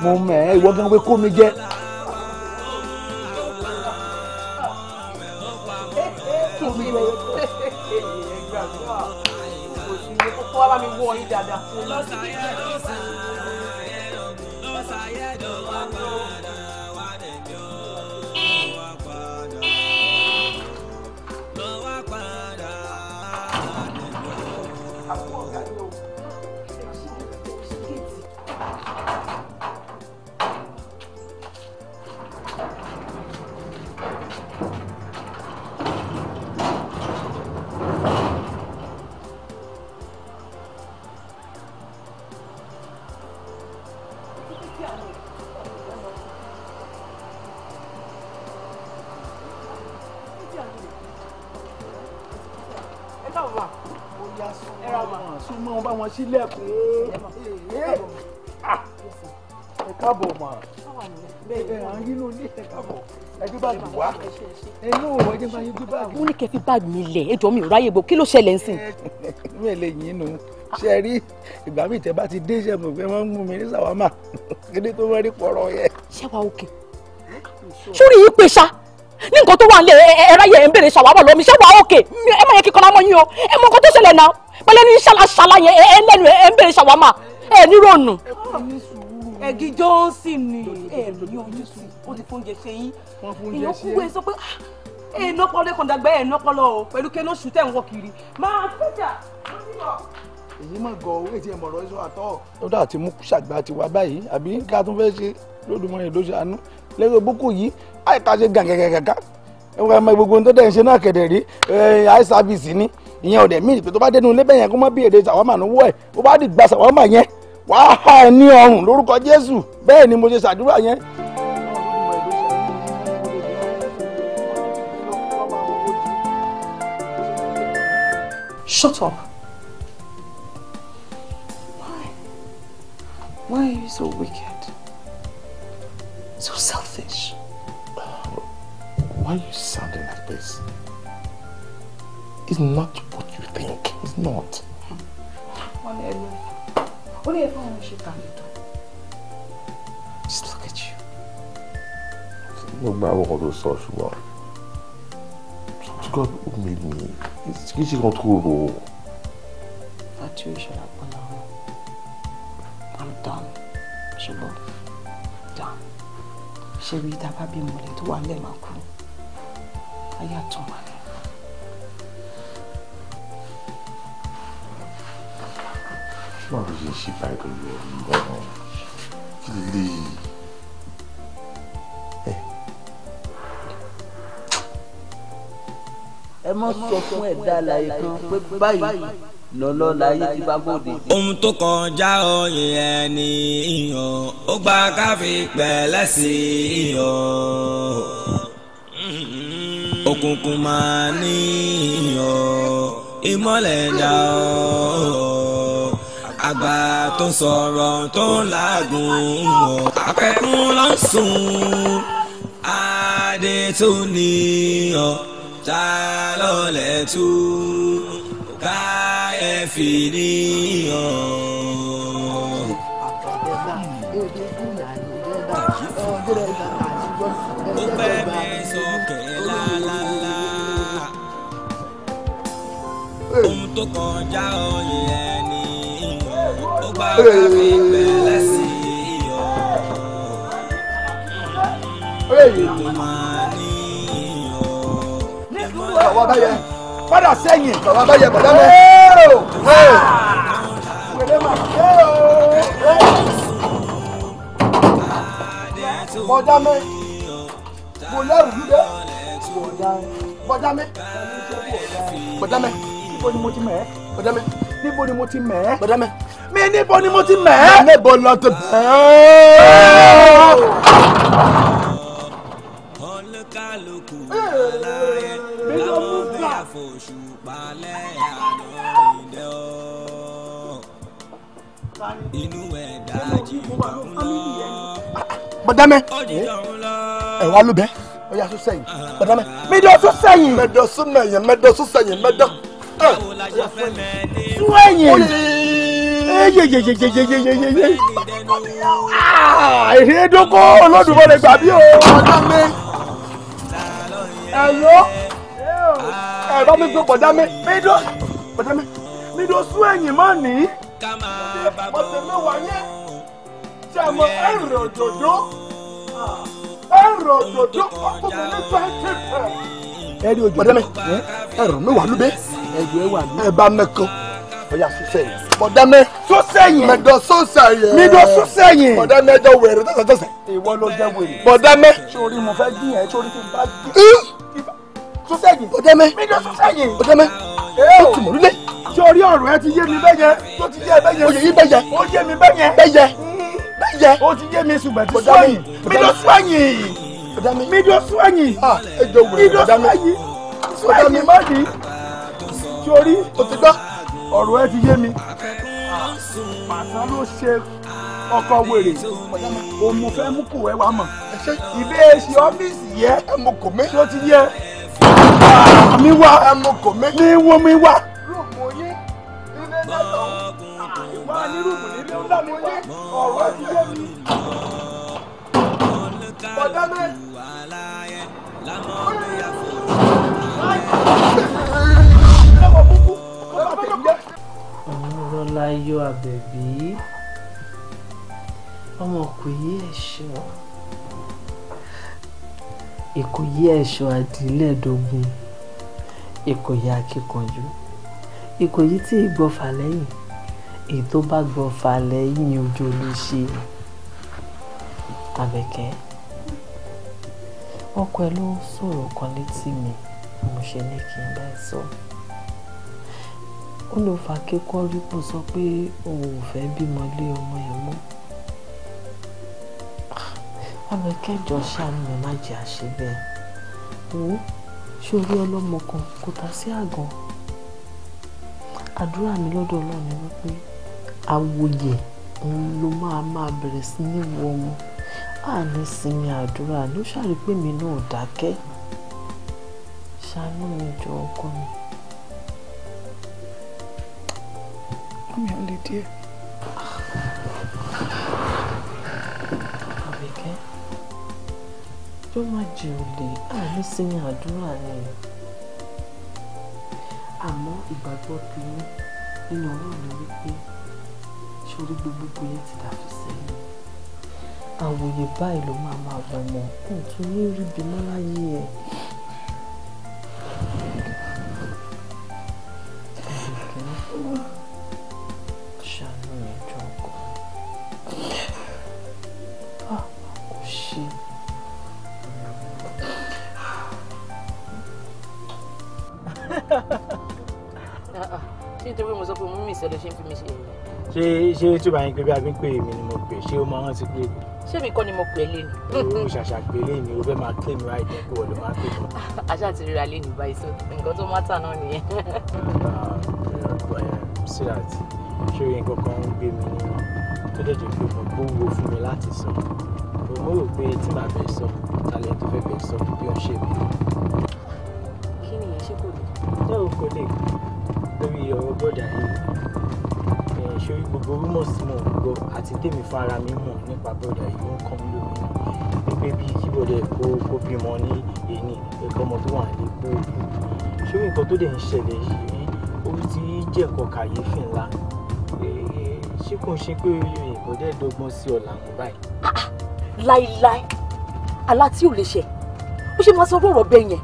mo mọ ẹ ìwọ gan pé kó mi jẹ. wá bá mi wọ yín dáadáa. sílẹ̀kùn. ẹ káàbọ̀ mà ẹ à ń yínú ní ẹ káàbọ̀ ẹ gbé báàgì wá inú òwò ẹjẹ máa yẹ gbé báàgì. mo ní kẹ́ fi báàgì mi lẹ̀ ẹ jọ mi ò ráyè gbọ́ kí ló ṣẹlẹ̀ ń sìn. mi ò lè yín nu ṣe rí ìgbà míì tẹ bá ti dé ṣe mọ̀ pé wọ́n ń mú mi ní sàwámà kéde tó wọ́n rí pọ̀rọ̀ yẹ. ṣé wàá òkè sórí yìí pé ṣá ní nǹkan tó wà ń lé ẹ ẹ ráyè ẹ ń béèrè ṣàwámà lọ́mi ṣé òkè ẹ má yẹ kíkan náà yín o ẹ mọ nǹkan tó ṣẹlẹ̀ náà pẹ̀lẹ́ ní ṣàlàṣàlà yẹn ẹ lẹ́nu ẹ ń bèrè ṣàwámà ẹ ní rònú. ẹ̀gì johnson ni ẹ̀rù ní ojú sí ó ti fóúnjẹ ṣe yín ìyókù wẹ̀ sọ pé ah, ẹ̀ nọ́pọ̀ lẹ́kọ̀ọ́ dàgbẹ́ ẹ̀ nọ́pọ̀ lọ pẹ̀lú kẹ́nà oṣù tẹ̀ ń wọ kiri máa fẹ́jà èyí mọ̀ gan owó ètí ẹ̀mọ̀rọ̀ ẹ̀ṣọ́ àtọ́. ó dà tí mú ṣàgbà ti wá báyìí àbí ká tún fẹ́ ṣe lódùmọ̀rin ló ṣe àánú lérò búkú yìí àìká ṣe gàǹgàǹgàǹgà ẹ̀ wọ́n mọ tó dẹ̀ ń ṣe náà kẹ̀dẹ̀ rí ẹ̀ ìyẹn ọ̀dẹ̀ mí ìpè tó bá dénú ilé bẹ́yẹn kó mọ́ bí èdè sàwọ́mà ló wọ́ ẹ̀ bó bá dìgbà sàwọ́mà yẹn wàá ha ẹ ní ọrùn lórúkọ Jésù bẹ́ẹ̀ ni mo ṣe ṣàdúrà yẹn. Shut up. Why? Why are you so wicked? So selfish? Why are you sounding like this? It's not what you think. It's not. Just look at you. Gbogbo àwọn ọ̀rọ̀ ló You ṣùgbọ́n. God who made me. Kì í ṣe kan tó rò ó. Fati o ṣọlá I'm done. Ṣùgbọ́n done. Ṣé ibi tá a bá bí ìmọ̀lẹ̀ tó wà lẹ́ẹ̀ máa kú? Ayé àtọ̀ báwo ló ṣe ń ṣe báyìí pẹ̀lú ọ̀rọ̀ kí lè ẹ. ẹ mọ sọ fún ẹ̀dá alàyè kan pé báyìí lọ́lọ́ láyé ti bá gbòde. ohun tó kọjá oyè ẹni iyàn ó gba káfí pẹ̀lẹ́ sí iyàn òkùnkùn máa ní iyàn ìmọ̀lẹ̀ dá ọ́ àgbà tó ń sọ̀rọ̀ tó ń làágùn ọ̀ àpẹ̀kún ló ń sùn adé tó ní ọ̀ ta lọ́lẹ̀ tú káyẹ̀fì ní ọ̀. ó pẹ́ mi sọ kẹ́lá lálá ohun tó kọjá ọ̀yẹ́ bàbá bá yẹ padà sẹ́yìn bàbá bá yẹ bàbá bá bọ́dá mẹ́ mo lẹ́rù yí dẹ́ bọ́dá mẹ́ bọ́dá mẹ́ bọ́dá mẹ́ bọ́dá mẹ́ bọ́dá mẹ́ níbo ni mo ti mẹ̀ ẹ́. mẹ́. mi níbo ni mo ti mẹ̀ ẹ́. níbo lọ ti mẹ̀ ẹ́. ẹ wá ló bẹ́ẹ̀ yà sún sẹ́yìn bàdá mi dọ̀ sún sẹ́yìn. mẹ́dọ̀ sún sẹ́yìn mẹ́dọ̀ sún ẹ̀yìn yeyeyeyeyeyeyeye ìrìndókò olódùmọ̀lẹ̀ gbàbí o ọ̀dà mi ẹ̀yọ́ ẹ bá mi gbé pọ̀dá mídó pọ̀dá mídó sún ẹ̀yìn mọ́ ní ọ̀sẹ̀ mẹ́wàá yẹn ṣàmọ̀ ẹ̀rọ òdòdó ẹ̀rọ òdòdó ọkùnrin ní twenty ten. ẹ rí ojú ẹ̀rọ mẹ́wàá ló dé ẹgbẹ́ wà ní. ẹ bá mẹ́kan ọ̀yà sọ́sẹ̀ yẹn. mọ̀dámẹ́ sọ́sẹ̀ yẹn. mẹ̀dọ̀ sọ́sẹ̀ yẹn. mẹ̀dọ̀ sọ́sẹ̀ yẹn. mọ̀dámẹ́ jẹ́ wèrè tọ́sọ̀tọ́sẹ̀. ìwọ ló jẹ́ wèrè. mọ̀dámẹ́. sori mo fẹ́ dín yẹn sori kí n bá dín. sọ́sẹ̀ yẹn. mọ̀dámẹ́. mẹ̀dọ̀ sọ́sẹ̀ yẹn. mọ̀dámẹ́. ó ti mọ̀ lulẹ̀. sori ọ̀rọ̀ ẹ ti yé mi bẹ́yẹn. tó ti yé bẹ́yẹn. ó yé mi bẹ́yẹn. ó yé mi bẹ́yẹn. bẹ́yẹn. bẹ́yẹn. ó ti yé mi ṣùgbọ́n ti sọ́yìn. mẹ̀dọ̀ sọ́yìn. mẹ̀dọ̀ sọ́yìn. Ah, sórí o ti gbọ́ ọ̀rọ̀ ẹ ti yé mi pàṣán ló ṣe ọkọ wèrè òmù fẹ́ mú kù ẹ wà mọ̀ ìbé ṣe ọ́fíìsì yẹ ẹmu kò ló ti yẹ mi wá ẹmu mi ní rúùmù nílé wá ọ̀rọ̀ ẹ ti yé mi. Ọláyọ̀ Àbẹ̀bí ọmọ kò yí ẹ̀ṣọ́ èkó yí ẹ̀ṣọ́ àdìlẹ́ẹ̀dógún èkó yí akíkanjú èkó yí tí ìgbọ́fà lẹ́yìn èyí tó bá gbọ́fà lẹ́yìn ojú olùṣe Àbẹ̀kẹ́ ọkọ ẹ ló ń sọ̀rọ̀ kan létí mi mo ṣe ní kí n bá ẹ sọ. So ó ló fà kí kọ́rípù sọ pé òun ò fẹ́ bímọ lé ọmọ ẹ̀ mọ́ abẹ́kẹ́jọ ah, ṣàánú mi má jẹ́ àṣẹ bẹ́ẹ̀ wò ó sórí ọlọ́mọ kan kò tà sí àgàn àdúrà mi lọ́dọ̀ ọlọ́run ni wípé àwòyẹ òun ló máa máa bẹ̀rẹ̀ sí ní wọ ọmọ àní sinmi àdúrà ló ṣàrí pé mi náà dákẹ́ ṣàánú mi ọkọ mi. mi ò lè díẹ̀. àbíkẹ́ yóò má jẹ olè àní sinmi àdúrà ni àmọ́ ìgbàgbọ́ tèmi nínú ọ̀rọ̀ mi wípé sórí gbogbo yẹn ti dàbí sẹ́yìn àwòyè báyìí ló máa máa wọ̀ mọ́ nǹkan ní ríbi mọ́ láyé ẹ̀. Thank you. nítorí mo sọ pé mo mú mi ìṣẹ̀lẹ̀ ṣe ń fi mi ṣe èyí. ṣé ṣé tí o bá yín pé bí agbín pé èmi ni mo pè ṣé o máa rántí pé. ṣé mi kọ́ ni mo pè é léni. o ṣàṣà pé léni o fẹ́ máa claim right ẹ̀ pé wọ́n máa pè mọ́. àṣà ti ríra léni báyìí so nǹkan tó mátà náà nìyẹn. Ah, ṣé àti kankan ń gbé mi nínú tó dẹ̀ pé mo gbówó fún mi láti sọ mo rò pé tí màá bẹ̀ sọ talẹ̀ tó fẹ́ bẹ̀ sọ bí wọ́n ṣe mi. kí nìyẹn ṣe kò lè. ṣé o kò lè lórí ọ̀rọ̀ bọ́dà yìí ṣorí gbogbo rumors mo gbọ́ àti tèmi fún ara mi mọ̀ nípa bọ́dà yìí ó ń kàn mí lómi wípé bí kíbọ̀dẹ̀ kó kó bímọ ní èyí ẹ̀kọ́ ọmọ tó wà ní kó kú ṣórí nǹkan tó dẹ̀ ń ṣẹlẹ̀ yìí ó ti jẹ̀kọ̀ kàyéfì ńlá ṣé kò ń ṣe pé ìbọ̀dẹ̀ dọ́gbọ́n sí ọ̀la ń báyìí. láíláí àlá ò lè ṣe ó ṣe máa sọ ọ̀rọ̀ bẹ́ẹ̀ yẹn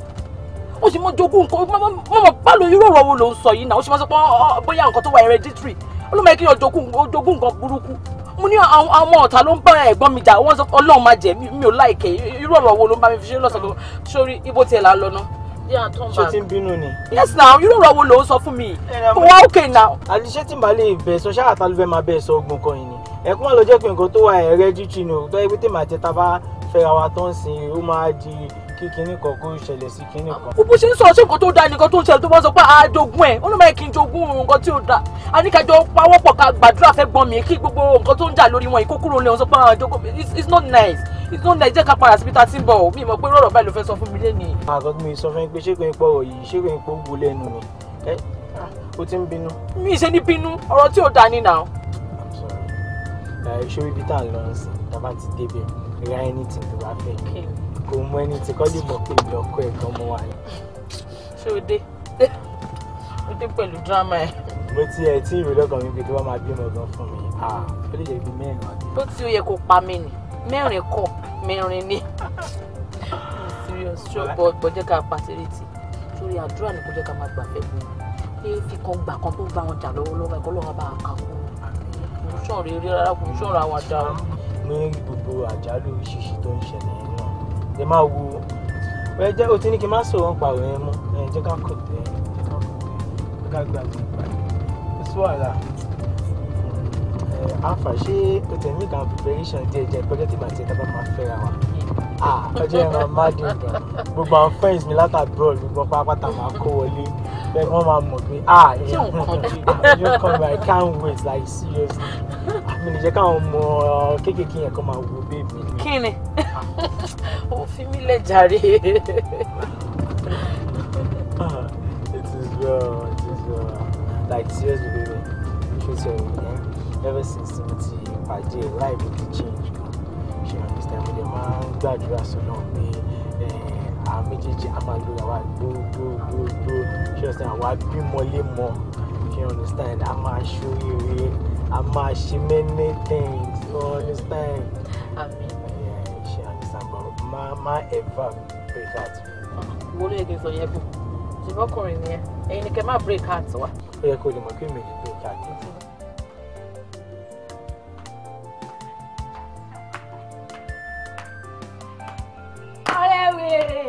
ó sì mọ jogún nǹkan mọ bá lo irú ọ̀rọ̀ wo ló ń sọ yìí náà ó sì mọ sọ pé bóyá nǹkan tó wà hereditary olómọ yẹ kí yọ jogún nǹkan burúkú mo ní àwọn ọ̀tá ló ń bá ẹ̀gbọ́n mi jà wọ́n sọ pé ọlọ́run máa jẹ mi ò láìkẹ́ irú ọ̀rọ̀ wo ló ń bá mi fi ṣe lọ́sọ̀gbọ́n sórí ibo tiẹ̀ là lọ náà ṣé tí ń bínú ni. yes na irú ọ̀rọ̀ wo ló ń sọ fún mi kò wá òkè na. àti ṣé tí màá lè bẹ̀ sọ ṣáà ta ló fẹ́ máa bẹ̀ sọ ogun kan yìí ni ẹ̀kún wa ló jẹ́ pé nǹkan tó wà ẹ̀rẹ́ jíjìn o tó yẹ tèmi àti ẹ̀ta bá fẹ́ra wa tó ń sin ó máa di kí kinní kan kó ṣẹlẹ̀ sí kinní kan. bó ṣe ń sọ ṣé nǹkan tó dáa nìkan tó ń ṣẹlẹ̀ tó bá sọ pé àjogún ẹ̀ ó ló máa kí n jogún nǹkan tí ò dáa a ní kájọ pawọ́pọ̀ ká gbàdúrà fẹ́ gbọ́n mi kí gbogbo nǹkan tó ń jà lórí wọn ìkókúrò lè sọ pé àjogún it's not nice it's not nice jẹ́ ká padà síbi tá a ti ń bọ̀ mi mọ̀ pé rọ̀rọ̀ báyìí ló fẹ́ sọ fún mi lénìí. àgọ́ ah, mi kò mọ ẹni tí kọ́ lè mọ̀ pé mi ọkọ ẹ̀ gan mọ́ wa ni. ṣé o dé eh. o dé pẹ̀lú dírámà ẹ̀. mo ti ẹ̀ tí ìròyìn ọkàn mi pé tó bá máa bímọ gan fún mi ó lè yẹ bí mẹ́rin ọdún. ó ti yẹ kó pa mí ni mẹ́rin kọ́ mẹ́rin ni serious sure but but jẹ́ ká pàṣẹrẹ tì torí àdúrà ni kò jẹ́ ká máa gbàfẹ́ fún mi pé fi kan gbà kan tó bá wọn jà lọ́wọ́lọ́wọ́ ẹ̀kọ́ lọ́wọ́ bá kà kú kò ń eré rárá kò ń ṣọ̀rọ̀ àwàdà. ní gbogbo àjálù ṣíṣí tó ń ṣẹlẹ̀ náà ẹ máa wo ẹ jẹ́ o ti ní kí n má sọ̀rọ̀ ń pa ọ̀rọ̀ yẹn mọ́ ẹ jẹ́ ká kọ̀ tẹ́ jẹ́ ká kọ̀ tẹ́ ká gbà mí pa ẹ sọ àlà ẹ àǹfà ṣé o tẹ̀ mí kan preparation díẹ̀ jẹ́ pẹ́jọ́ tí màá ti ẹ̀ta bá máa fẹ́ra wa ọjọ́ yẹn máa ìgbà gbogbo àwọn friends mi látàdúrọ̀ gbogbo pápátá máa kó wọlé bẹ́ẹ̀ wọ́n máa mọ̀ pé ah yeah you come here I can't wait like seriously àmì nìjẹ́ káwọn ọmọ kéékèèké yẹn kọ́ máa wo bébì. kí ni ó fi mí lẹ̀ jàre. Ah, it is well it is well like seriously baby treat your woman ever since timothy pàdé life dey change She understand me dem máa ń gbàdúrà sọ́nà pé eh, àwọn méjèèjì á máa lóra wa gbógbógbógbó ṣe understand àwa bímọ lé mọ ṣe understand a máa ṣoríire a máa ṣe many things you understand. àmín má ẹ̀fà break out. wo ló yẹ kí n sọ yẹn fún ṣùgbọ́n ọkùnrin ni ẹ ẹ̀yin ni kẹ́ má break out wa. ó yẹ kó o lè mọ kí èmi yìí break out. ọ̀rẹ́ wèrè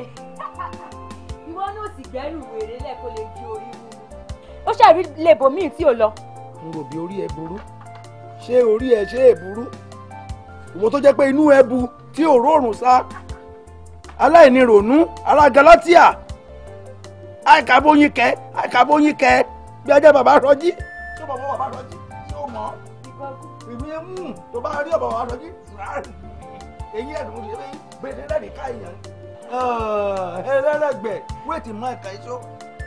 ìwọ náà sì gbẹ́rù wèrè lẹ́kọ̀ọ́ lè di orí wú. ó ṣàrí lèbò míì tí ò lọ. n rò bí orí ẹ burú ṣé orí ẹ ṣe é burú ìwọ tó jẹ́ pé inú ẹ bu tí òróòrùn sá aláìníròónú ará Galatia àìkàbóyin kẹ àìkàbóyin kẹ bí ajá bàbá rọjí tó bàbá bàbá rọjí tí ó mọ ìmí ẹmú tó bá rí ọ̀bà bàbá rọjí fúrárì èyí ẹ̀dùn ṣe fẹ́ gbèsè lẹ́nu ká èèyàn ẹlẹ́rẹ̀gbẹ̀ wéètì mọ ẹ̀ka iṣó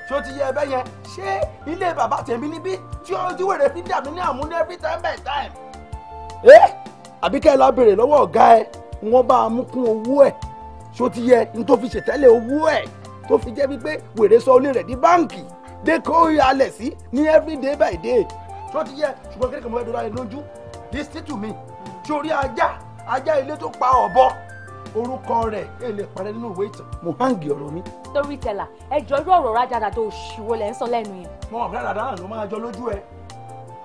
ṣó ti yẹ ẹbẹ yẹn ṣé ilé bàbá tèmi níbí tí ó ti wèrè fi dàbí ní àmú ní every time by time. ẹ àbíkẹ́ la béèrè lọ́wọ́ ọ̀gá ẹ wọ́n bá a mú kún owó ẹ̀ ṣó ti yẹ n tó fi ṣètẹ́lẹ̀ owó ẹ̀ tó fi jẹ́ wípé wèrè sọ ilé rẹ̀ di báǹkì dé kó alẹ̀ sí ní every day by day ṣó ti yẹ ṣùgbọ́n kékeré mo fẹ́ dọ́ra ẹ lójú listen to me sórí ajá ajá ilé tó pa ọ̀bọ orúkọ rẹ̀ èlé parẹ́ nínú ìwé ìtàn mo hàǹgì ọ̀rọ̀ mi. torí tẹ̀là ẹjọ́ irú ọ̀rọ̀ rájára tó ṣìwọ́ lẹ́ ń sọ lẹ́nu yẹn. wọn ò dára dára ló máa jọ lójú ẹ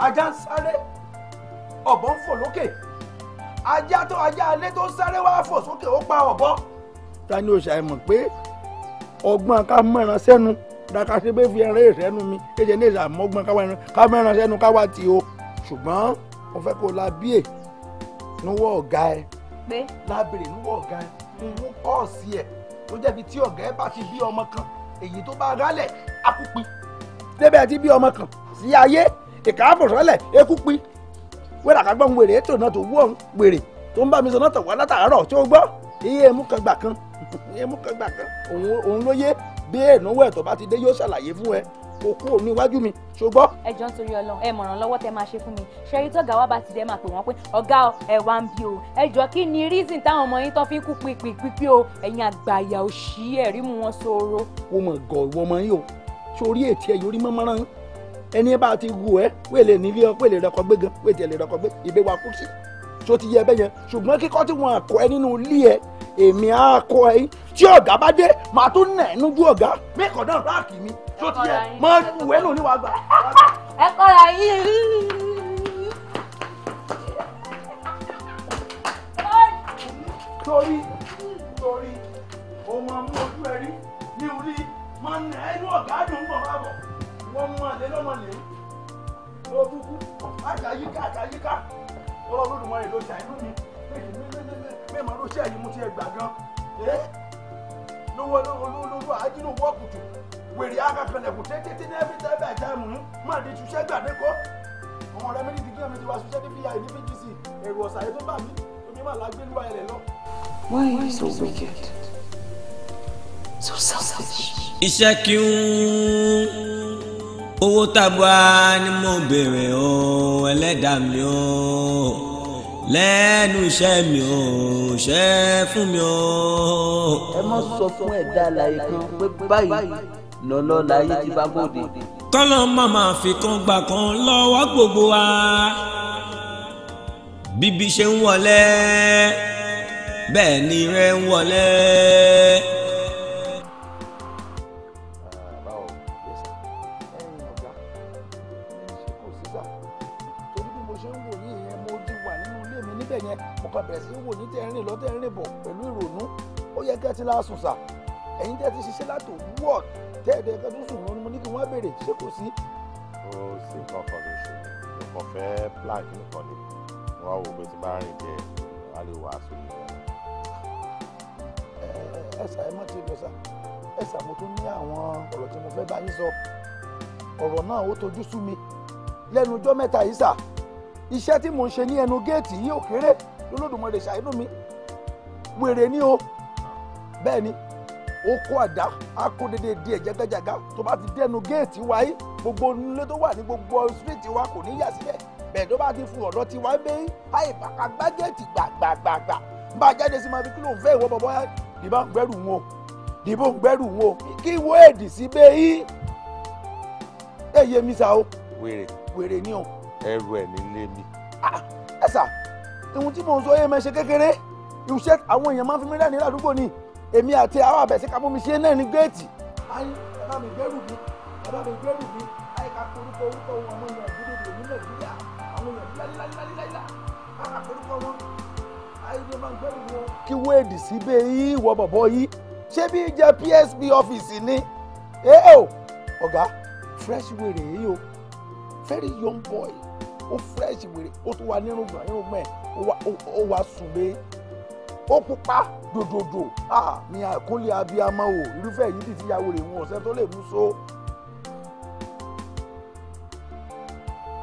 ajá ń sáré ọ̀bọ ń fò lókè ajá tó ajá ilé tó ń sáré wá fò sókè ó pa ọ̀bọ ta ni òṣà ìmọ̀ pé ọgbọ́n ká mọ̀ràn sẹ́nu daka ṣe bẹ́ẹ̀ fi ẹran ìrẹ́nu mi ẹ̀jẹ̀ ní ìṣà mọ́gbọ́n ká mọ̀ràn ká mọ̀ràn sẹ́nu ká wá ti o ṣùgbọ́n mo fẹ́ kó o la bíè níwọ̀ ọ̀gá ẹ lábèrè níwọ̀ ọ̀gá ẹ nínú kọ́ọ̀sì ẹ̀ tó jẹ́ fi tí ọ̀gá ẹ bá ti bí ọmọ kan èyí tó bá rálẹ̀ akúpin débẹ̀ ti bí ọmọ kan sí ayé ìkàbọ̀sọ́lẹ̀ ekúpin wẹ́rẹ́ àkágbọ́n wèrè ètò náà tó wú ọ̀hún wèrè tó ń bá mi sọ náà tọ̀wọ́ látàárọ̀ tí ó gbọ́ iye mú kan gbà kan ẹ mú kan gbà kan òun ló yé béèrè náwó ẹ̀ tó bá ti dé yóò ṣàlàyé fún ẹ kò kúrò níwájú mi ṣùgbọ́n. ẹ jọ ń torí Ọlọ́run ẹ mọ̀ràn lọ́wọ́ tẹ máa ṣe fún mi ṣẹ́rí tọ́gà wa bá ti dẹ́ máa pè wọ́n pé ọ̀gá ẹ wá ń bí o ẹ jọ kí ni reason táwọn ọmọ yín tán fi ń kú pípípípí o ẹ̀yin àgbàyà òṣì ẹ̀rí mu wọn sọ̀rọ̀. o mọ̀ gọ̀ ìwọ ọmọ yín o sórí ètí ẹ yorí mọ́mọ́rán yín ẹni bá ti wù ẹ́ wèlé nílé ọ wèlé rẹkọ gbé gan wèlé rẹkọ gbé ìbéwà kú sí so ti yẹ bẹ́yẹn ṣùgbọ́n kíkọ́ tí wọ́n àkọ́ ẹ nínú ilé ẹ èmi á kọ́ ẹ tí ọ̀gá bá dé màá tó nà ẹ́ nújú ọ̀gá mẹ́kọ̀ọ́ náà ráàkì mi tó ti yẹ máa wù ẹ́ lò níwàá gbà. ẹ kọ́ra yín. torí torí o máa mú ojú ẹ rí ní orí máa nà ẹ́ inú ọ̀gá dùn bọ̀ bá wọ́n mú àlẹ́ lọ́mọ lè lọ kúkú àjàyíká àjàyíká olódùmarè ló jà inú mi tẹ́ mọ̀ lóṣẹ́ yìí mo ti ẹ̀ gbà gan lówó lówó lówó àjínú wọ́ọ̀kùtù wèrè akakanlẹ̀kùn tètè ní ẹbí tẹ́ bẹ́ẹ̀ tẹ́ mú má di ṣuṣẹ́ gbà kọ́ àwọn ọ̀rẹ́ mi ti gé mi ti wá ṣuṣẹ́ ní pi ní pgc ẹ̀rù ọ̀sà yẹn tó bà mí omi má lágbé lu ayẹlẹ lọ. Why you so wicked? So selfish. iṣẹ́ kí n owó tabua ni mo béèrè o ẹlẹ́dàá mi o lẹ́nu iṣẹ́ mi ò ṣe fún mi ò. ẹ mọ sọ fún ẹ̀dá alààyè kan pé báyìí lọ́lọ́ láyé ti bá bòde. kọ́lọ́ màmá fi kan gbà kan lọ́wọ́ gbogbo wa bíbí ṣe ń wọlé bẹ́ẹ̀ ni rẹ̀ ń wọlé. kan bẹ̀rẹ̀ sí wò ní tẹ́ ń rìn lọ tẹ́ ń rìn bọ̀ pẹ̀lú ìrònú ó yẹ kẹ́ ti la sùn sà ẹ̀yin tẹ́ ti ṣiṣẹ́ látò wọ́ọ̀d tẹ́ ẹ̀dẹ̀ kan tó sùn mo ní kí wọ́n béèrè ṣé kò sí. ó sì ń kọkọ ló ṣe mo kàn fẹ́ plan nìkan ni wọn wò pé tí bá rìn díẹ̀ wọn lè wà á sórí rẹ. ẹ ṣà ẹ mọ̀ tí ìjọ sà ẹ ṣà mo ní àwọn ọ̀rọ̀ tí mo fẹ́ bá yín sọ ọ̀rọ̀ náà ó tojú sú mi lẹ́nu ọjọ́ mẹ́ta yìí sà iṣẹ́ tí mo ń ṣe ní ẹnu géètì yìí ò lólódùmarè ṣàánú mi wèrè ni o bẹ́ẹ̀ ni ó kó àdá á kó dédé di ẹ̀jẹ̀gẹ́jàgá tó bá ti dẹnu géètì wáyé gbogbo nílé tó wà ní gbogbo street wa kò ní yà sílẹ̀ bẹ́ẹ̀ tó bá ti fún ọ̀dọ́ ti wáyé bẹ́ẹ̀ àìbá agbá géètì gbàgbàgbàgbà bá a jáde sí ma fi kí ló ń fẹ́ ìwọ bọ̀bọ̀ yá dìbò ń gbẹ́rù wọn dìbò ń gbẹ́rù wọn kí wọ́n èdì sí bẹ́ẹ̀ ẹ yé mi sa o wèrè wèrè ni o ẹrù ẹ̀ nílé mi. Ah, ẹ sà ohun tí mò ń sọ yé mẹ́ṣe kékeré iṣẹ́ àwọn èèyàn máa ń fi mí rẹ́ ní ládùúgbò ni èmi àti àwọn àbẹ̀sí ká fún mi ṣe náà ní géètì. ayé ẹ mi gbẹ́rù mi ẹ mi gbẹ́rù mi ayé ká forúkọ orúkọ wọn àwọn èèyàn ìdílé ìdílé ní nàìjíríà àwọn èèyàn líláìláìláìlá ká forúkọ wọn ayé ló máa ń gbẹ́rù wọn. kí wéèdì síbẹ̀ yìí wọ bọ̀bọ̀ yìí ṣé bí jẹ́ PSB ọ́fíìsì ni ee o ọ̀gá fresh wèrè yìí o very young boy ó fresh wèrè ó tún wà nírùngbọ̀n nírùngbọ̀n ẹ̀ ó wà sùn lé ó pupa dòdòdò ní àkúnlé abiyamọ o irúfẹ́ yìí ti tíyàwó rẹ̀ wọn ọ̀sẹ̀ tó lè mú so.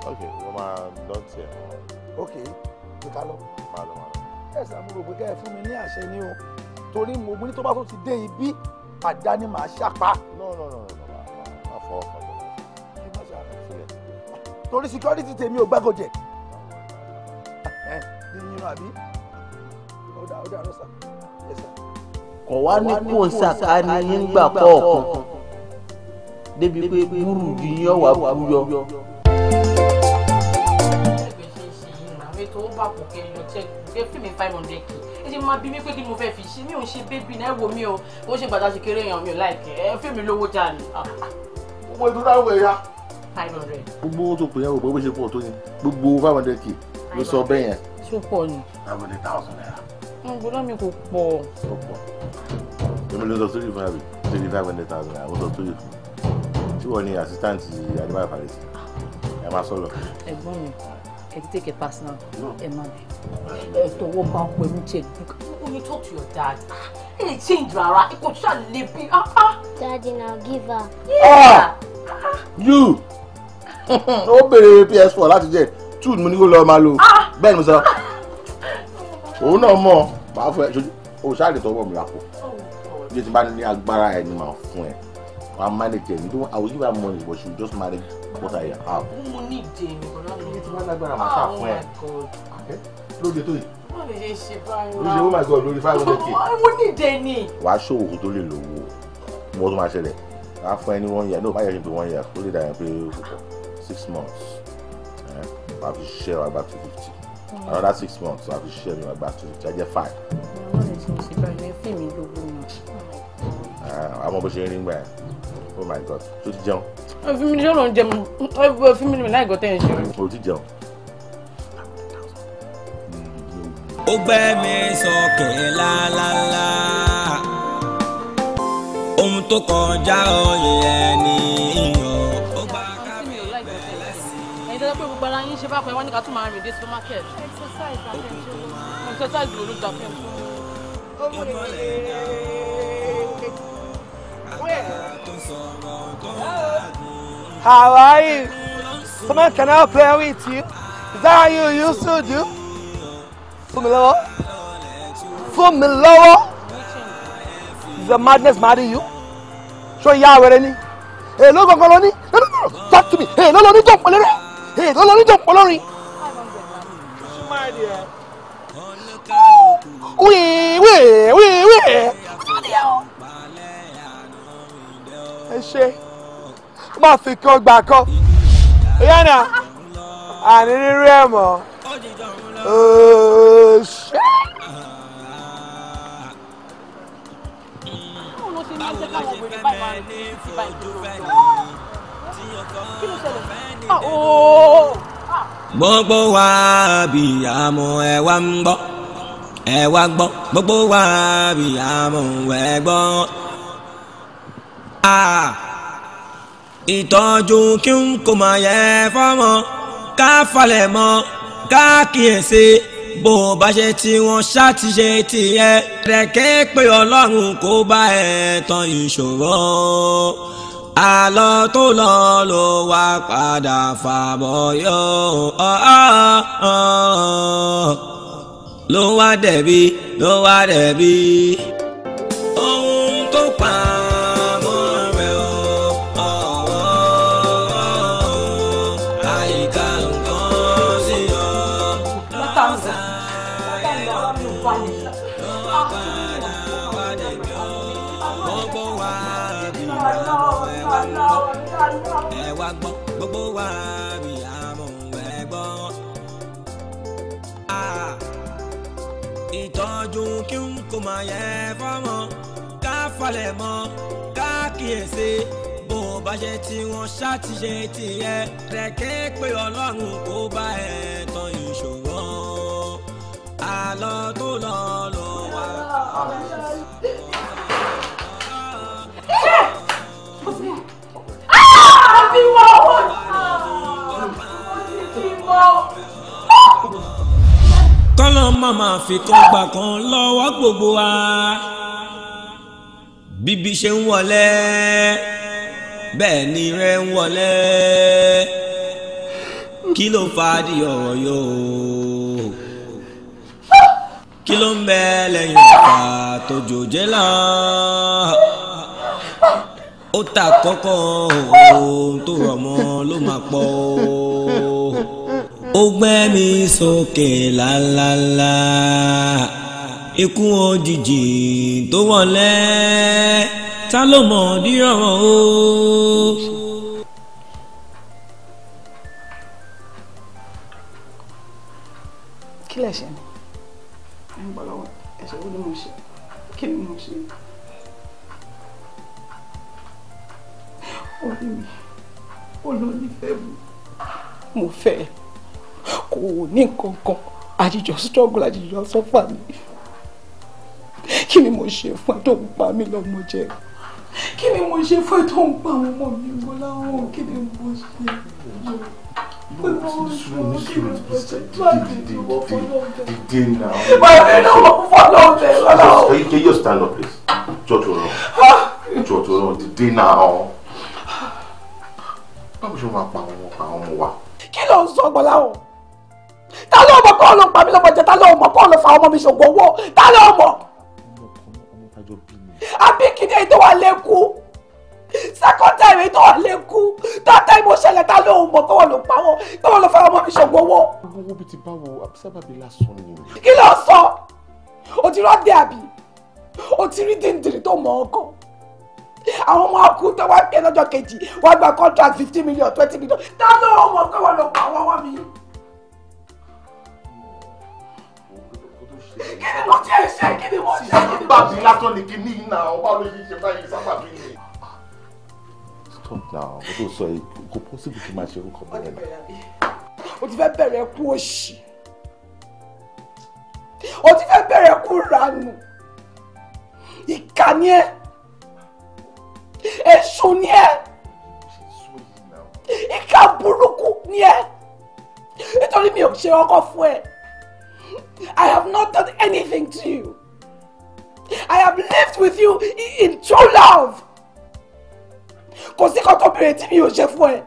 ok wọ́n máa dán tiẹ̀ mọ́. ok kíkà lọ. máa lọ máa lọ. ẹ ṣàmúlò pé kẹ́ ẹ fún mi ní àṣẹ ni o torí mo ní tó bá tó ti dé ibi àdá ni màá ṣàpá. no no no. torí security tèmi ò gbàgọ̀jẹ̀. ẹ ní yín àbí ó dà kò wá ní kó n sàkání yín kọ̀ọ̀kan débi pé búrú di yín ọ̀wà búyọ. ẹjẹ máa bí mi pé kí mo fẹ́ fi ṣe mi ò ṣe bébì náà wò mí o ó ṣe bàtà kéré èèyàn mi ò láìpẹ́ ẹ fẹ́ mi lówó dà owó ìdúrà wẹ̀ ya five hundred. gbogbo tó pè yẹn o pé bó ṣe pọ̀ tó ni gbogbo five hundred k ló sọ bẹ́ẹ̀ yẹn. ṣó pọ̀ ni. five hundred thousand naira. n gbọ́dọ̀ mi kò pọ̀. ó pọ̀ èmi ló sọ sórí fún àbí five hundred thousand naira ó sọ sórí fún tí wọ́n ní assistant adébáyé paris ẹ máa sọ̀rọ̀. ẹ̀gbọ́n mi ẹ ti take a personal ẹ má bẹ ẹ tọwọ́ bá ń pẹ̀lú checkbook. when you talk to your dad ẹ lè change rárá ẹ kò ṣàlè bí. Ah, ah. daddy na give her. Ah! Yeah. Ah, you ó béèrè ps4 láti jẹ two mo ní kó lọ́ọ́ máa lò ah! bẹ́ẹ̀ ni mo sọ ah! òun náà mọ̀ máa fún ẹ ṣojú o ṣáàdì tọwọ́ mi lápò oh, bí o ti bá ní agbára ẹ ni màá fún ẹ wàá manage ẹ nítorí àwọn yìí wà mọ ìwọ ṣù just manage what I have. mo ní ìdè ìgbọ́dọ̀ mi. bí o ti bá lágbára màá ṣáà fún ẹ oh, lóde tó yìí lè ṣe báyìí. ló ṣe oh my god lórí five hundred k. mo ní ìdè ni. wà ṣòwò kó tó lè lówó mo tún máa ṣẹlẹ̀ wà fún ẹ ní one year no má yẹ kí n pè one year ó lè dà yẹn pé six months eh, màá fi ṣiṣẹ́ wa gba two fifty another six months màá fi sharing mi wa I get five. wọ́n lè ṣe ìṣèjọba ìlú fún mi gbogbo mi. Ah, àmọ́ bó ṣe oh my god tó ti jẹun. ẹ fi mi lọ́rùn jẹ mu ẹ fi mi láì gọ́tẹ́ ẹ̀ ṣe. o ti jẹun. ó gbẹ́ la sókè lálálá ohun tó kọjá òye ẹni. ṣe bá pẹ́ wọ́n ní ká tún máa rìn dé supermarket. exercise àfẹ́ ṣe wọ́n. exercise ló ló gbà fẹ́ fún How are you? Someone can help play with you. Is that how you used to do? Fún mi lọ́wọ́. Fún Is the madness mad you? Show Hey, no àwẹ̀rẹ̀ ni? Èló gbọ̀ngàn no ní? Talk to me. Hey, no lọ ní jọ̀pọ̀ lérè ẹ lọ́lọ́rin jọ ọlọ́rin. wíì wíì wíì wíì. ẹ ṣe má fi kan gbà kan yánà àní rírú ẹ mọ́ ṣe. báwo ló ṣe ń ṣe káwọn obìnrin báyìí máa ń fi báyìí dúró kí ló ṣẹlẹ̀. Ah, ah, oh. gbogbo wa bìyàmù ẹ wá ń gbọ́ ẹ wá gbọ́ gbogbo wa bìyàmù ẹ gbọ́. Ah. ìtọ́jú kí n kò máa yẹ fọ́mọ ká falẹ̀ mọ́ ká kíyèsí bó o bá ṣe tí wọ́n ṣàtìṣe tiẹ̀ rẹ̀ ké pé ọlọ́run kó bá ẹ tán ìṣòro àlọ́ tó lọ ló wá padà fàbọ̀ yọ ló wá dẹ̀bi ló wá dẹ̀bi. dùn kí n kò máa yẹ fọ́mọ ká falẹ̀ mọ́ ká kíyèsí bó bá ṣe tí wọ́n ṣàtìṣe tiẹ̀ rẹ̀ ké pé ọlọ́run kó bá ẹ̀ tán ìṣòro àlọ́ tó lọ lọ wá. Ah! Àbí kọ́lọ́ mama fi kan gbà kan lọ́wọ́ gbogbo wa bíbí ṣe ń wọlé bẹ́ẹ̀ ni rẹ̀ ń wọlé kí ló fa di ọ̀rọ̀ yóò kí ló ń bẹ lẹ́yìn ọ̀tá tó jòjé lọ ó ta kọ́kọ́ ohun tó rọ̀ mọ́ ló máa pọ̀ ó ó mi sókè lálálá ikú òjijì tó wọlé ta ló mọ̀ dírọ̀rọ̀ o. kí lẹ ṣe ń gbọ́ lọ́wọ́ ẹ̀ṣẹ̀ wo ni mo ṣe kí ni mo ṣe orí mi olónífẹ́ mi mo fẹ́ ẹ kò ní nǹkan kan àdìjọ struggle àdìjọ sọ́fà mi kí ni mo ṣe fún ẹ tó ń pa mí lọ́mọ jẹ kí ni mo ṣe fún ẹ tó ń pa àwọn ọmọ mi wọ láwọn kí ni mo ṣe pé wọ́n sùn kí ni mo ṣe tó àdìjọ wọ́n fọlọ́ọ̀dẹ. bàbá mi ló wọ́n fọlọ́ọ̀dẹ lọ́la. can you stand up please? jọ́tò rán jọ́tò rán dìde náà báwo ṣe máa pa àwọn ọmọ wa. kí ló ń sọ ọgbọ́n láwọn ta ló mọ̀ kọ́ ló ń pa mí lọ́mọ jẹ ta ló mọ̀ kọ́ ló fa ọmọ mi ṣògùn owó ta ló mọ̀. àbí kìíní èyí tó wà lẹ́kù second time èyí tó wà lẹ́kù third time ó ṣẹlẹ̀ ta ló mọ̀ tọ́wọ́ ló pa wọ́n tọ́wọ́ ló fa ọmọ mi ṣògùn owó. owó bíi ti báwo àbísábàbí lásán ni. kí ló sọ o ti rọ́ọ̀dẹ̀ àbí o ti rí dìndìrì tó mọ̀ ọkọ̀ àwọn ọmọ akú tó wá pé lọ́jọ́ kejì wọ́n gba contract fifty million twenty million tá ló mọ̀ pé wọ́n lọ pa wọ́n wọ́n mi. ṣe kí ló jẹ́ ìṣe kí ni wọ́n ṣe. sábà bí lásán ni stop now o tó sọ yìí kò possible kí n máa ṣe orúkọ bẹ́ẹ̀ náà. o ti fẹ́ bẹ̀rẹ̀ kú òṣì o ti fẹ́ bẹ̀rẹ̀ kú ranù ìkà ni ẹ́ èṣù ni ẹ́ ìkà burúkú ni ẹ́ nítorí mi ò ṣe ọkọ fún I have not done anything to you. I have lived with you in true love. Kò sí kan tó béèrè tí mi ò ṣe fún ẹ.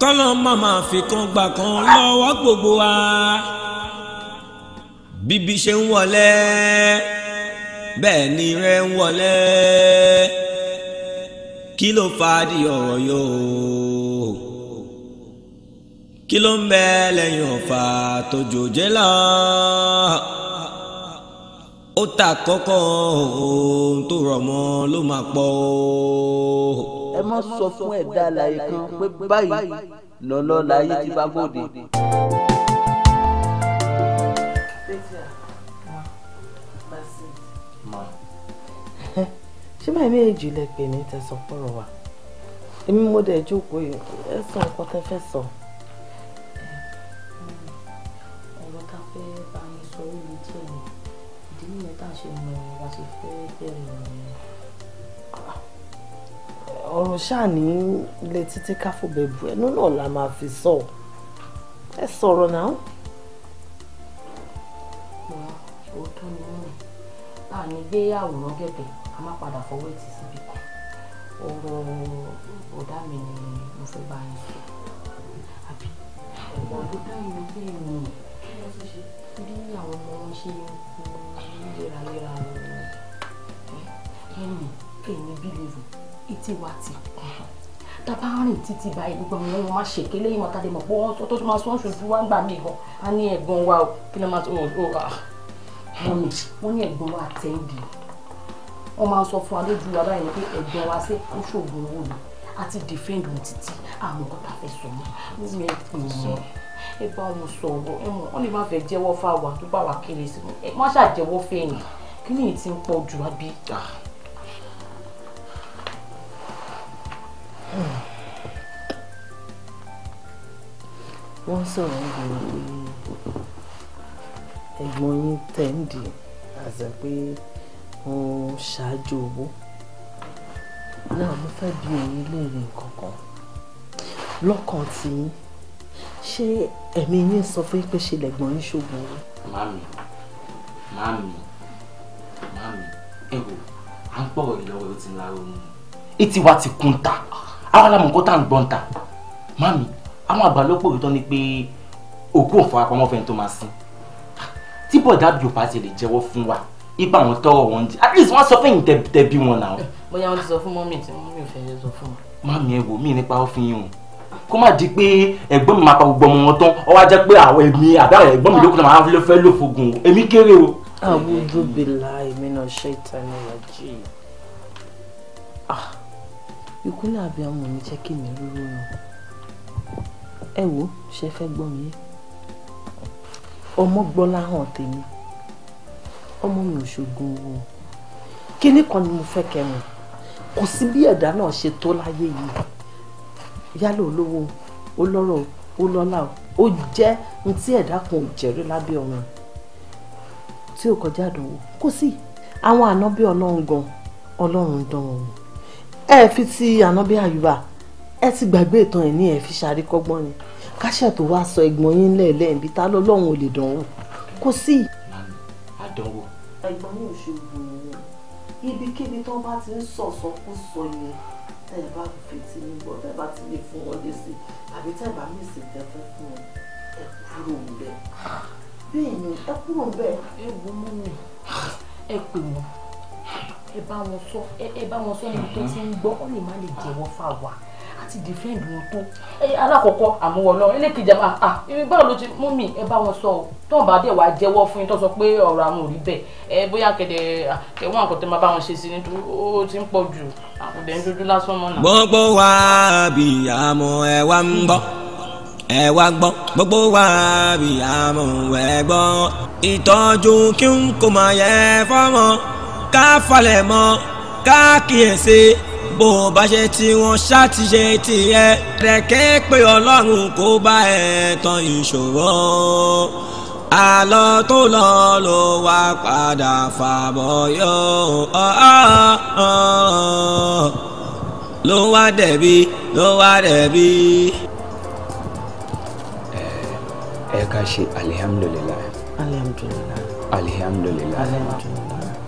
kọ́lọ́ màmá àfikún gbà kan lọ́wọ́ gbogbo wa bíbí ṣe ń wọlé bẹ́ẹ̀ ni rẹ ń wọlé kí ló fa di ọ̀rọ̀ yóò kí ló ń bẹ lẹ́yìn ọ̀fà tójó jẹ́ lọ ó ta kọ́kọ́ ohun tó rọ̀ mọ́ ló máa pọ̀ ẹ má sọ fún ẹ̀dá àlàyé kan pé báyìí lọ́lọ́ láyé ti bá bòde. ṣé báyìí méjì lẹ pè ní tẹ̀sán pọ̀rọ̀ wa èmi mo dẹ̀ jókòó yìí ẹ sọ nǹkan tẹ́ fẹ́ sọ. ọ̀rọ̀ ká fẹ́ bá mi sọ orí tí ò ní ìdí nìyẹn tá a ṣe mọ wa ṣe fẹ́ bẹ̀rẹ̀ nìyẹn. ọ̀rọ̀ ṣáà ní ilé títí káfọ́bẹ̀ bu ẹnu náà la máa fi sọ ẹ sọ̀rọ̀ náà. wà á òótọ́ ni wọ́n bá a ní gbé àwòrán gẹ̀gẹ̀ a má padà fọwọ́ ètì síbi kan ọ̀rọ̀ ọ̀dá mi ni mo fẹ́ bá yín sọ àbí ọmọ ọdún báyìí ló bẹ́ẹ̀ ni bí àwọn ọmọ wọn ṣe ń léraléra ẹnì ẹ̀yìn bílíìfù etí wa ti kàn tábà rìn títí báyìí gbogbo àwọn ọmọ máa ṣèké lẹ́yìn wọn tàdé mọ̀ pé wọ́n tó máa sọ ṣojú wa ń gbà mí gan a ní ẹ̀gbọ́n wa o kí ló máa tó o ra wọ́n ní ẹ̀gbọ́n wa àtẹ́ǹdì o wọ́n máa ń sọ fún wa lójú wa báyìí pé ẹ̀gbọ́n wa ṣe kó ṣògùn owó ni a ti defend wọn títí àwọn ọkọ tá a fẹ́ sọ mọ́ mi ẹ̀ ẹ bá wọn sọ̀rọ̀ ẹ mọ̀ wọ́n lè má fẹ́ jẹ́wọ́ fáwa tó bá wa kéré sí i má ṣàjẹ́wọ́ fẹ̀yìn kí ni èyí ti ń pọ̀ jù àbí. Ah. wọ́n sọ̀rọ̀ ń gbèrò ẹ̀gbọ́n yín tẹ̀ ń dì àṣà pé ń ṣáájú owó náà mo fẹ́ bi ẹ̀yin léèrè nǹkan kan lọ́kàn tí ṣé ẹ̀mí yín sọ fún yín pé ṣe lẹ̀gbọ́n yín ṣògùn owó. màmí màmí màmí ẹ wò à ń gbọ́ ọ̀rẹ́ lọ́wọ́ ó ti ń lára omi etí wa ti kún ta àwọn alámọ̀kọ́ tá à ń gbọ́n ta màmí àwọn àgbàlópò òótọ́ ni pé òkú òǹfarapamọ́ fẹ́ni tó máa sin tí bọ̀dá bí ò ti lè jẹ́wọ́ fún wa ipa àwọn tọwọ wọn di at least wọn sọ fẹyìn tẹbi wọn náà. bóyá wọn ti sọ fún mọ́mì tí mọ́mì fẹ́ ṣe sọ fún wọn. mami ẹ wò mí nípa òfin yìí o kó má di pé ẹ̀gbọ́n mi máa pa gbogbo ọmọ wọn tán ọ wá jẹ́ pé àwọn èmi àbá ẹ̀gbọ́n mi lókun náà máa ń fẹ́ lò fògùn èmi kéré o. àwùjọ bìlà èmi náà ṣe ìtàn ìwájú yìí ah, ikú náà bí ọmọ mi jẹ́ kí mi rúrú ràn ẹ wo ṣe fẹ́ gbọ́ mi ọmọ gbọ́lá hàn tèmi ọmọ mi ò ṣògùn o kíní kan ni mo fẹ́ kẹrin kò sí bí ẹ̀dá náà ṣe tó láyé yìí yálà olówó olọ́rọ̀ olọ́lá ó jẹ́ ní tí ẹ̀dá kan ò jẹ́rí lábẹ́ ọ̀run tí ò kọjá àdánwò kò sí àwọn ànábí ọlọ́run gan ọlọ́run dán wọn wò ẹ fi ti ànábí àyùbá ẹ ti gbàgbé ìtàn ẹ̀ ní ẹ fi ṣàríkọ́gbọ́n ni káṣẹ̀ tó wá sọ ẹ̀gbọ́n yín lẹ́ẹ̀lẹ́ẹ̀bí ta lọ́lọ́run ò lè dán kò sí dánwò. ẹ̀gbọ́n mi ò ṣe gbòòrò ibikíbi tó bá ti ń sọ̀sọ́ kó sọ yẹn tẹ́ ẹ bá fetí nígbọ́ tẹ́ ẹ bá ti lè fún wọn lésì àbí tẹ́ ẹ bá mí sì tẹ́ fẹ́ fún wọn ẹ kúrò ńbẹ̀ bí èèyàn ẹ kúrò ńbẹ̀. ẹ wo mú mi ẹ pè wọn ẹ bá wọn sọ ẹ bá wọn sọ níbi tó ti ń gbọ́ ó lè má lè jẹ́wọ́ fà wá láti defend wọn tó alákọ̀ọ́kọ́ àmúwọlọ́ ẹlẹ́kejì àmà à báwo ló ti mú mi ẹ bá wọn sọ ọ tó ń bá dẹ̀ wá jẹ́wọ́ fún yín tó sọ pé ọ̀rọ̀ àwọn ò rí bẹ́ẹ̀ ẹ bóyá kẹ̀dẹ̀ kẹ̀wọ́n àkọ́tẹ́ máa bá wọn ṣe sí ni ó ti ń pọ̀ jù àkùdẹ̀ ń dojú lásán mọ́nà. gbogbo wa bí àmọ́ ẹ wá ń gbọ́ ẹ wá gbọ́ gbogbo wa bí àmọ́ ẹ gbọ́ ìtọ́jú kí n kò máa yẹ fọ́mọ ká falẹ̀ mọ́ ká kíyèsí bó o bá ṣe tí wọ́n ṣá ti ṣe tiẹ̀ rẹ̀kẹ́ pé ọlọ́run kó bá ẹ tán ìṣòro àlọ́ tó lọ ló wá padà fàbọ̀yọ ló wá dẹ̀bi ló wá dẹ̀bi. ẹ ká ṣe alihamudulilayi. alihamudulilayi. alihamudulilayi. alihamudulilayi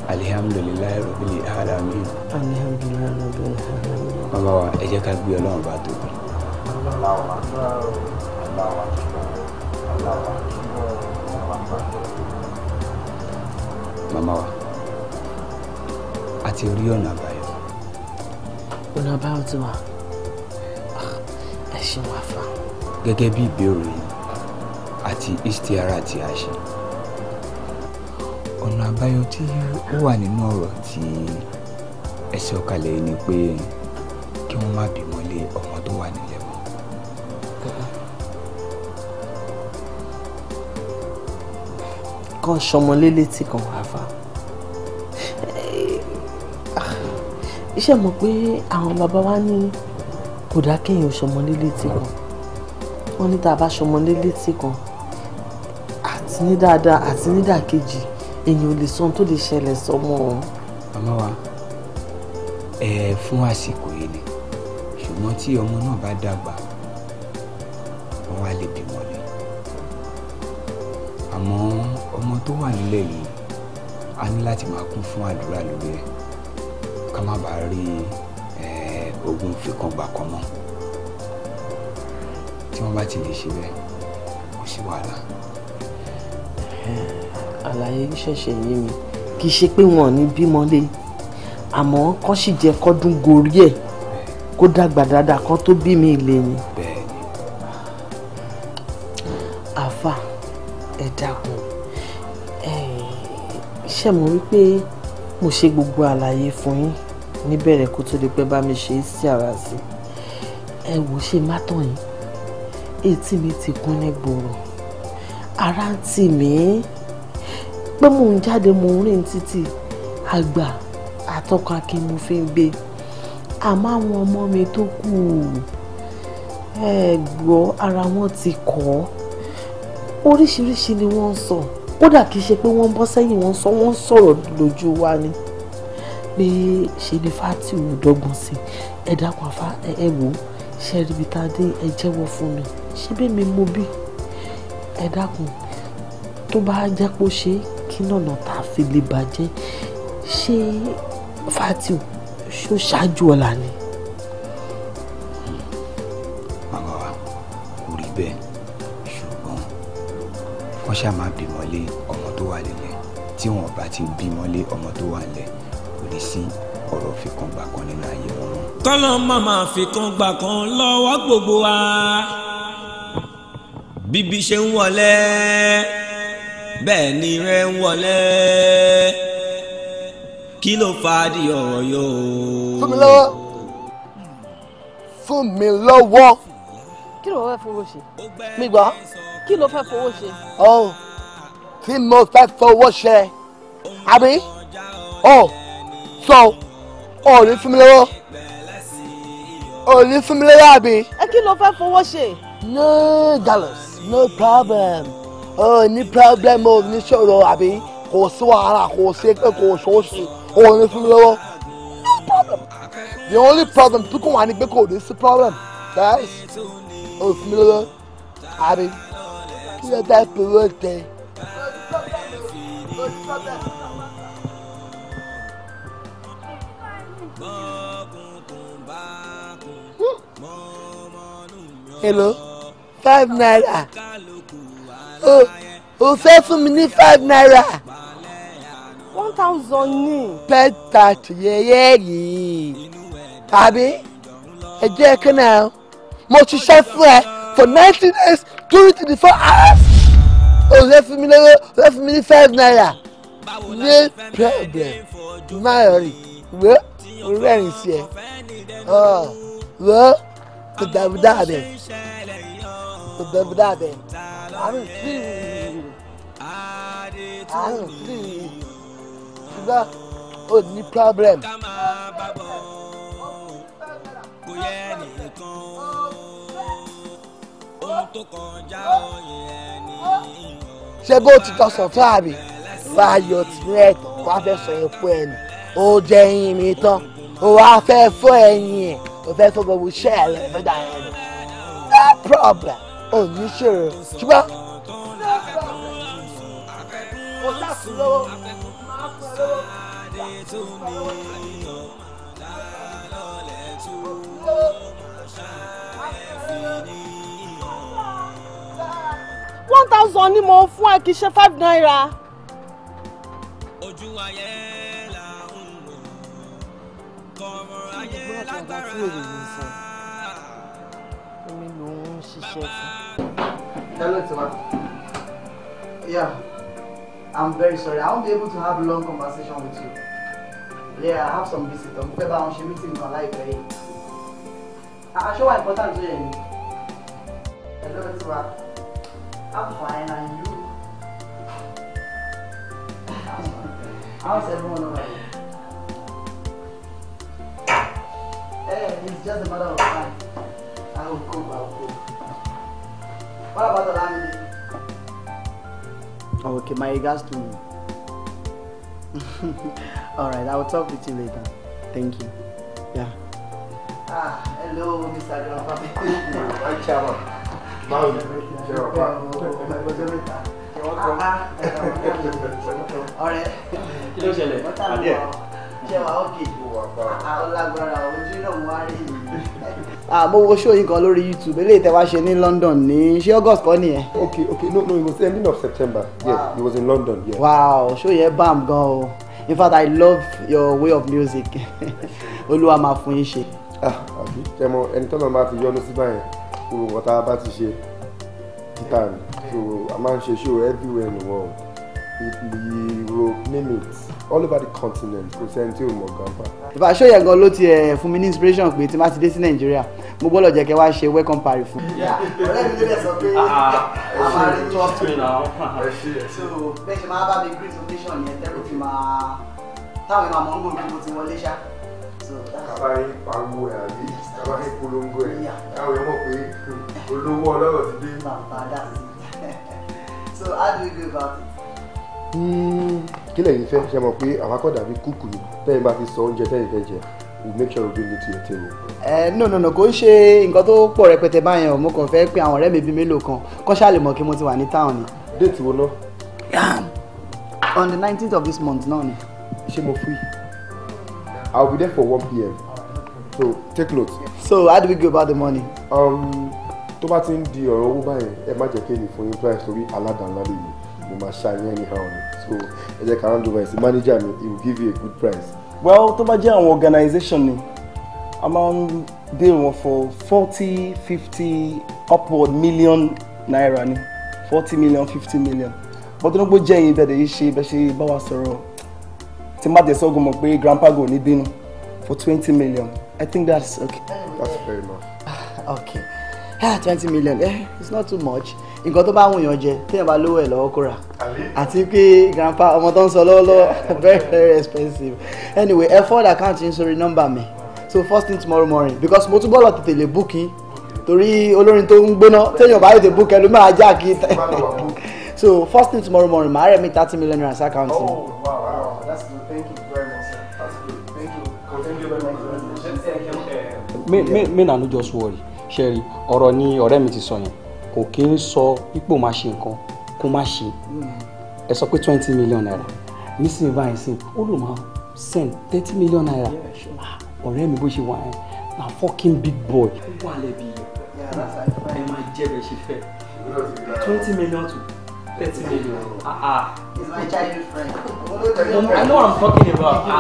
alihamudulilayi rabili alamin. alihamudulilayi rabili alamin. bàbá wa ẹ jẹ́ ká gbé ọlọ́run bá tóbi. màmá wa a ti rí ọ̀nà àbáyọ. ọ̀nà àbáyọ ti wà ah, ẹ ṣe wá fa. gẹ́gẹ́ bí ìbéèrè yìí àti istiara tí a ṣe ọ̀nà àbáyọ tí ó wà nínú ọ̀rọ̀ tí ẹ sọ kalẹ̀ ni pé kí wọ́n má bímọ lé ọmọ tó wà nílẹ̀ mọ́. kan ṣọmọlé létí kan àfa iṣẹ́ mọ̀ pé àwọn bàbá wa ní kò dá kéèyàn ṣọmọlé létí kan wọ́n ní tá a bá ṣọmọlé létí kan àti ní dáadáa àti ní dàkejì èèyàn ò lè sọ ohun tó lè ṣẹlẹ̀ sọmọ o. màmá wa ẹ fún àsìkò yìí ni ṣùgbọ́n tí ọmọ náà bá dàgbà wọ́n wá lè bímọ ni àmọ́ ọmọ tó wà nílẹ̀ yìí a ní láti máa kún fún àdúrà lórí ẹ̀ ká má bàa rí ogun fìkàngbà kan mọ́ tí wọ́n bá ti lè ṣe bẹ́ẹ̀ kò sí wàhálà àlàyé ṣẹ̀ṣẹ̀ yé mi kì í ṣe pé wọn ò ní bímọ lé àmọ́ kán sì jẹ́ kọ́dún gorí ẹ̀ kó dàgbà dáadáa kán tó bí mi lè ní. àfà ẹ dàgùn ṣe mo rí pé mo ṣe gbogbo àlàyé fún yín níbẹ̀rẹ̀ kó tó di pé bá mi ṣe é sí ara sí ẹ wò ṣe má tàn yín etí mi ti kún ní gbòòrò ara ń mí pé mò ń jáde mò ń rìn títì àgbà àtọkọ akin mo fi ń gbé àmọ́ àwọn ọmọ mi tó kù ẹ gbọ́ ara wọn ti kọ́ oríṣiríṣi ni wọ́n ń sọ kódà kìí ṣe pé wọ́n ń bọ́ sẹ́yìn wọ́n sọ wọ́n sọ̀rọ̀ lójú wa ni pé ṣe ni fatiu dọ́gbọ́n sí ẹ dákun afá ẹ wò ó ṣe ríbi tá a dé ẹ jẹ́wọ́ fún mi ṣé bẹ́ẹ̀ mi mo bí ẹ dákun tó bá jẹ́ pé ó ṣe é kí lọ́nà tá a fi lè bàjẹ́ ṣé fatiu ṣó ṣáájú ọ̀la ni. màmá wa kò rí bẹ́ẹ̀ ṣùgbọ́n wọ́n ṣáà máa bímọ lé ọmọ tó wà nílẹ̀ tí wọ́n bá ti bímọ lé ọmọ tó wà nílẹ̀ kò ní sí ọ̀rọ̀ fìkan gbà kan nínú ayé wọn. kọ́lọ́ màmá fìkan gbà kan lọ́wọ́ gbogbo wa bíbí ṣe ń wọlé bẹ́ẹ̀ ni rẹ̀ ń wọlé kí ló fà di ọ̀rọ̀ yóò. fún mi lọ́wọ́ fún mi lọ́wọ́. kí ló fẹ́ fowó ṣe. mi gbọ́. kí ló fẹ́ fowó ṣe. ọ̀hún oh, kí mo fẹ́ fowó ṣe àbí ọ̀ sọ ọ̀ ní fún mi lọ́wọ́ ò ní fún mi lọ́wọ́ àbí. ẹ kí ló fẹ́ fowó ṣe. no dollars no problem ní problem o ní ṣòro àbí kò sí wàhálà kò sí pé kò ṣòṣì o ní fún mi lọ́wọ́ no problem the only problem tó kàn wá ní pé kò ní sí problem guys. is o fún mi lọ́wọ́ àbí kí ló dé pẹ̀lú ẹ̀ Hello, five naira o o fẹ́ fún mi ní five naira. one thousand ní. pẹ́ẹ́tà tìyẹ́yẹ́ yìí tàbí ẹ̀jẹ̀ kan náà mo ṣiṣẹ́ fún ẹ for ninety days during twenty four hours o fẹ́ fún mi lọ́wọ́ o fẹ́ fún mi ní five naira ní problem mayori wo rẹ́rìn sí ẹ ọ wo kò dàbí dáadẹ́ the Belvedere then. I'm free. I'm free. Ṣùgbọ́n o ní problem. Ṣé bó ti tọ́ sọ fún àbí? Báyọ̀ tí ní ẹ̀tọ́ wá fẹ́ sọ yẹn fún ẹni. Ó jẹ ẹyin mi tán. Ó wá fẹ́ fọ́ ẹyin ẹ̀. Ó fẹ́ fọ́ gbogbo iṣẹ́ rẹ̀ fẹ́ ẹ̀ lọ. No problem ò ní ṣe rẹ̀ ṣùgbọ́n. one thousand ni mo fún ẹ kì í ṣe five naira. ojú ayé là ń lò kọ̀ọ̀rọ̀ ayé lágbára ti ṣe hello tiwa yeah i'm very sorry i won't be able to have long conversation with you Yeah, i have some visitor I'm going to have a meeting in my láìpẹ́ yìí aṣọ wa important tó yẹ hello tiwa i'm fine and you. How's everyone over here? Hey, eh, it's just a matter of time. I will cope, I will cope. What about the landing? Oh, okay, my regards to you. All right, I will talk with you later. Thank you. Yeah. Ah, hello, Mr. Grandpapi. Hi, Chama. Báwo ni? Ṣé hello, pa? Ọ̀rẹ́. Kí ló ṣẹlẹ̀? Adé. Ah, wa ókè mo wo show yìí kan lórí YouTube eléyìí tẹ wá ṣe ní London ní ṣé August kọ́ nìyẹn. okay okay no no it was ending of September yes wow. it was in London yes. wow show yẹn bam gan o in fact I love your way of music Oluwa ma fún yín ṣe. ah àbí ṣe mo ẹni tọ́nà máa fi yọnu sí báyẹn gbogbo nǹkan tá a bá ti ṣe títà ni so a máa ń ṣe show everywhere in the world Italy Europe name it all over the continent kò sẹ́ni tí ò mọ̀ gàmpa. bàbá aṣọ́yẹ̀ gan ló ti ẹ̀ fún mi ní inspiration pé tí má ti dé sí nàìjíríà mo gbọ́dọ̀ jẹ́ kẹ́ wá ṣe welcome party fún mi. ọ̀rẹ́ mi lè sọ pé ah, ah, a máa rí trust me now. so bẹ́ẹ̀ ṣe máa bá mi greet location yẹn tẹ́lẹ̀ fi máa táwọn ìmọ̀ àmọ́ ń gbòòrò bí mo ti wọlé ṣá. kábàárí pariwo ẹ̀ àbí kábàárí polongo ẹ̀ káwọn ẹ̀ mọ̀ pé olówó ọlọ́rọ̀ ti dé. bàbá so how do you go about it kí lẹ́yìn fẹ́ ṣe mọ̀ pé àwákọ̀ dàbí kúkú ni tẹ́yìn bá ti sọ oúnjẹ tẹ́yìn fẹ́ jẹ we make sure we bring it to your table. ẹ no no no kò ń ṣe nǹkan tó pọ̀ rẹpẹtẹ báyẹn o mo kàn fẹ́ pé àwọn ọ̀rẹ́ mi bíi mélòó kan kọ́ ṣáàlì mọ̀ kí mo ti wà ní town ni. déètì wo náà. on the nineteenth of this month náà ni. ṣé mo free i will be there for one pm so take note. so how do we go about the money. Um, tó bá ti ń di ọ̀rọ̀ owó báyẹn ẹ má jẹ́ kéènì fún yín price torí aládàá ńlá lè yìí mo máa anyhow ni so ẹ jẹ́ ká hand over ẹ̀ manager mi he will give you a good price. well tó bá jẹ́ àwọn organization ni a máa ń bill wọn for forty fifty upward million naira ni forty million fifty million bọ́tọ́nùgbò jẹ́ yín bẹ́ẹ̀ dẹ̀ yìí ṣe bẹ́ẹ̀ ṣe bá wa sọ̀rọ̀ tí má tẹ̀sán ogun mọ̀ pé grandpa go ní bínú for twenty million i think that's okay. that's fair enough. Ah, okay ah twenty million eh it's not too much nǹkan tó bá àwọn èèyàn jẹ téèyàn bá lówó ẹ̀ lọ́wọ́ kó àti pé grandpa ọmọ tó ń sọ lọ́wọ́lọ́wọ́ very very expensive anyway effort fọ́ọ̀dà account yín sórí mi so first thing tomorrow morning because mo tún bọ́ọ̀lù tètè lè book yín torí olórin tó ń gbóná téèyàn bá tètè book ẹlú máa já kí so first thing tomorrow morning màá rẹ̀ mi thirty million naira sí account yín. Oh, me me me na no just worry Sherry. rí ọ̀rọ̀ ni ọ̀rẹ́ mi ti sọ yẹn kò kí ń sọ pípò máa ṣe nǹkan kó má ṣe ẹ sọ pé twenty million naira nísìnyí báyìí sí ó lò máa send thirty million naira ah, ọ̀rẹ́ mi bó ṣe wà ẹ́ na fucking big boy. wà á lẹ́bi ẹ máa jẹ́ bẹ́ẹ̀ ṣe fẹ́ twenty million to thirty million. Ah, ah. I know what I'm talking about. Ah.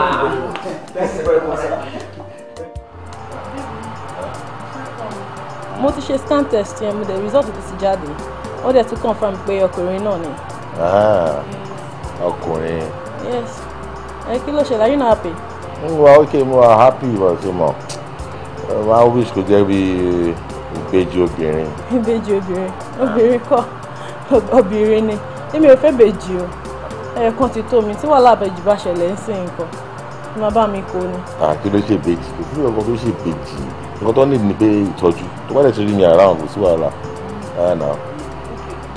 mo ti ṣe scan test yẹn mo dẹ̀ result ti ti jáde wọ́n dẹ̀ tún confirm pé ọkùnrin náà ni. Ah, ọkùnrin. yes ẹ kí ló ṣẹlẹ̀ are you not happy. mo wà okay mo wà happy but mo máa ń wish kó jẹ́ bí ìbejì obìnrin. ìbejì obìnrin obìnrin kọ́ obìnrin ni èmi ò fẹ́ bèjì o ẹ̀ẹ̀kan ti tó mi tí wàhálà àbẹ̀jì bá ṣẹlẹ̀ ń sìn nǹkan máa bá mi kó ni. àkí ló ṣe ìbejì kò sí ọkọ tó ṣe ìbejì nǹkan tó nídìí ni pé ìtọ́jú tó bá lè ṣe rí mi àrà kò sí wàhálà ẹ̀nà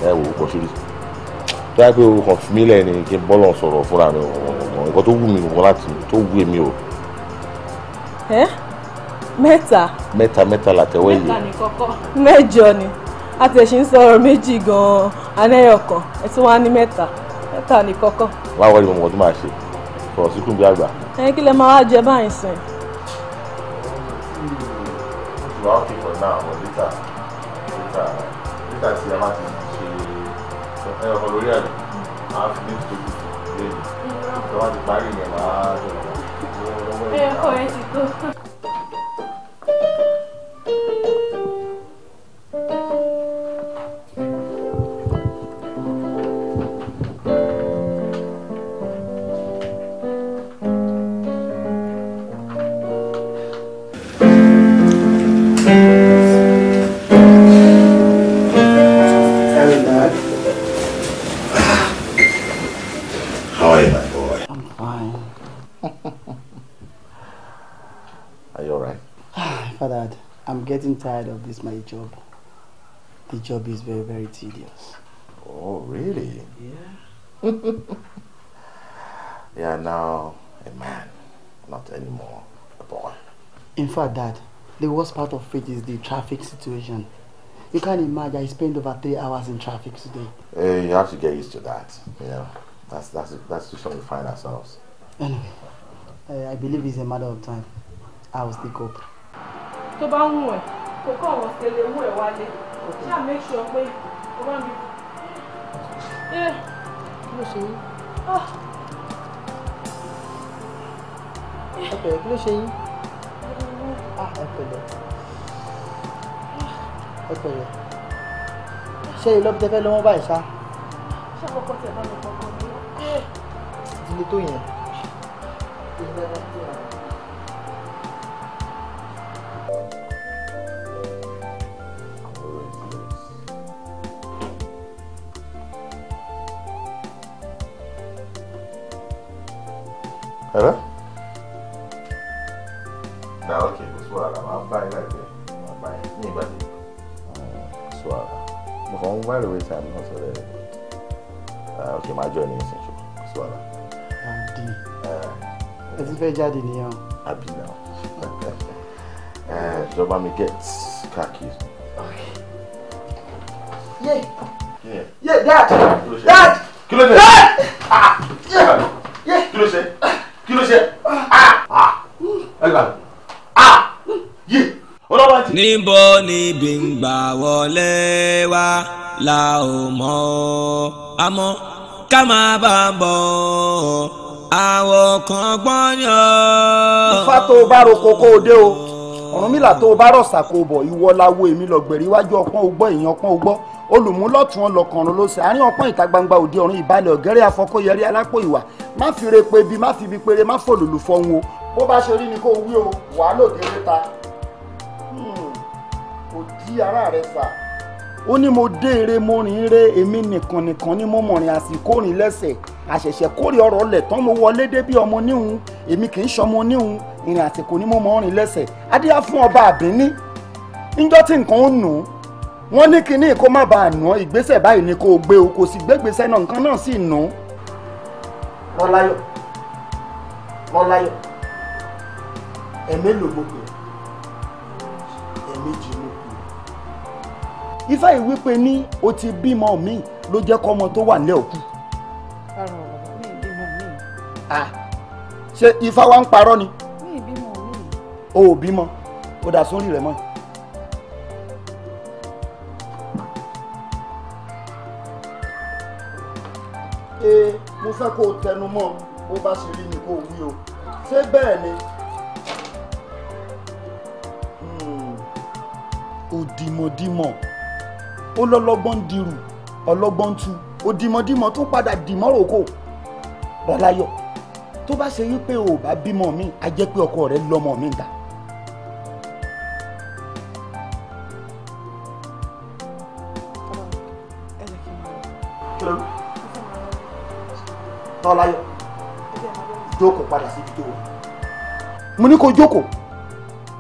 ẹ wò ó kọ sí rí tó yà pé o kàn fi mí lẹ́ni kí n bọ́lọ̀ sọ̀rọ̀ fúnra mi ọ̀gbọ̀n nǹkan tó wù mí nǹkan láti tó wù èmi o. ẹ mẹ́ta. mẹ́ta mẹ́ta làtẹ̀wé yìí. mẹ́ta ni a ti ṣe ń sọ̀rọ̀ méjì gan-an anẹ́yọ̀kan ẹ̀ tí wọ́n á ní mẹ́ta mẹ́ta ni kọ́kọ́. wá wọlé tó máa ṣe sọ̀rọ̀ síkùn bí àgbà ẹ̀yin kí lẹ máa wá jẹ báyìí sìn. wọ́n ti wá òkè pọ̀ náà àwọn lítà lítà lítà tí a máa ti ṣe ẹ ọmọ lórí àlè máa fi ní ẹ ti tó. I'm getting tired of this my job. The job is very, very tedious. Oh, really? Yeah. you are now a man, not anymore a boy. In fact, Dad, the worst part of it is the traffic situation. You can't imagine I spent over three hours in traffic today. Uh, you have to get used to that. You know, that's that's that's the situation we find ourselves. Anyway, uh, I believe it's a matter of time. I will stick up. tó bá wù ẹ́ kò kọ́ ọ̀wọ́ tẹ̀lé mú ẹ̀ wálé ṣáà make sure pé o bá mi. ẹ ló ṣe yín. ẹ kí ló ṣe yín. ẹ pẹ̀lẹ́ ṣé ilé ọbẹ̀ tẹ́fẹ́ lọ́wọ́ báyìí ṣá. ṣé àkọ́kọ́ tẹ̀ bá mi kọ́kọ́ ní. ìdílé eh. tó yẹn. ìdílé tó yẹn. ẹ̀rẹ́. na okay kò sí wàhálà máa bá yín láìpẹ́ máa bá yín ní ìbàdí. kò sí wàhálà mo kàn ń wá ìròyìn ìta mi náà sọ̀rọ̀ ẹ̀ uh, okay máa jọ ẹ̀ ní ìsìnkú kò sí wàhálà. àǹdí ẹ ti fẹ́ jáde nìyẹn. àbí náà uh, ìjọba mi get káàkiri. Yeah. Yeah, Yeah, dad. Dad. Dad. Dad. Ah. Yeah. Yeah. Kí ló ṣe? kí ló ṣe ah! Ah! ẹ gbà ah! yé ọlọ́wọ́ ti. níbo níbi ń gbà wọlé wá la ò mọ̀ ọ́ ká máa bá a bọ̀ ọ́ kan gbọ́n yàn. ifá tó bá ro kókó dé o. Ọ̀rúnmìlà tó o bá rọ̀ sàkó bọ̀ ìwọ la wo èmi lọ gbẹ̀rí iwájú ọpọ́n ogbọ́ èèyàn ọpọ́n ogbọ́ olùmúlọ́tún ọlọ́kànrún ló ṣe àárín ọpọ́n ìta gbangba òde ọ̀run ìbalẹ̀ ọ̀gẹ́rẹ́ afọkóyẹrí alápò ìwà má fi re pe bi má fi bi pere má fòlùlù fọhùn o bó bá ṣe rí ni kó wí o wàá lòdì níta hmm, kò dí ara rẹ fà ó ní mo dé eré mo rìn eré èmi nìkan nìkan ni mo mọ̀rìn àsìkò rìn lẹ́sẹ̀ àṣẹ̀ṣẹ̀ kórè ọ̀rọ̀ lẹ̀ tán mo wọlé dé bí ọmọ níhun èmi kì í ṣọmọ níhun ìrìn àsìkò ni mo mọ̀ rìn lẹ́sẹ̀ adíyá fún ọba àbíní níjọ́ tí nǹkan ó nù wọ́n ní kinní kó má bàa nù ọ́ ìgbésẹ̀ báyìí ni kò gbé o kò sì gbégbèsẹ̀ náà nǹkan náà sì nù. lọ́láyọ̀ lọ́láyọ̀ ẹ̀mélòó gbogbo ifá yìí wípé ní o ti bímọ mi ló jẹ́ kọ́mọ tó wà nílẹ̀ òkú. ṣé ifá wa ń parọ́ ni. o ò bímọ o dà sórí rẹ mọ́. ee mo fẹ́ kó o tẹnu mọ́ bó bá ṣe rí ni kó o wí o ṣé bẹ́ẹ̀ ni. òdìmọ̀dìmọ̀. Hmm ó lọ́lọ́gbọ́n ń dirù ọlọ́gbọ́n ń tu òdìmọ̀dìmọ̀ tún padà dìmọ́ ròkò Bọ́láyọ̀ tó bá ṣe wípé o ò bá bímọ mi á jẹ́ pé ọkọ rẹ lọ́mọ mi ta. Tọ́láyọ̀ jókòó padà síbi tó wà. mo ní kó jókòó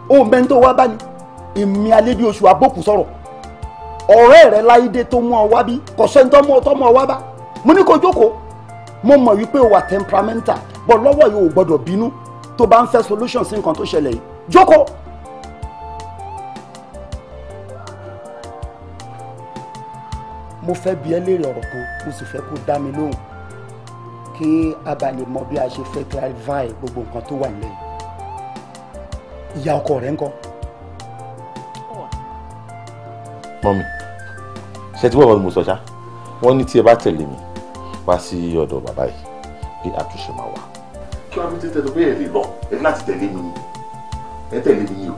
ó mẹ́ńtò wá bá ní èmi alẹ́ bí oṣù abókù sọ̀rọ̀ ọ̀rẹ́ rẹ láyédè tó mú ọ wá bí kò sẹ́ni tó mú ọ tó mú ọ wá bá mo ní kó jókòó mo mọ̀ wípé o wà temperamental bọ̀ lọ́wọ́ yìí o gbọ́dọ̀ bínú tó bá ń fẹ́ solution sí nǹkan tó ṣẹlẹ̀ yìí jókòó. mo fẹ́ bi ẹ́ léèrè ọ̀rọ̀ kan mo sì fẹ́ kó dá mi lóhùn kí a bá lè mọ bí a ṣe fẹ́ clarify gbogbo nǹkan tó wà nílẹ̀ ìyá ọkọ rẹ̀ ńkọ́. mọ́mí ṣe ti wọ́n mo sọ ṣá wọ́n ní tí ẹ bá tẹ̀lé mi wá sí ọ̀dọ̀ bàbá yìí pé àtúnṣe máa wà. kí wọ́n fi tètè tó pé ẹ lè lọ ẹ ní láti tẹ̀lé mi ẹ tẹ̀lé mi o.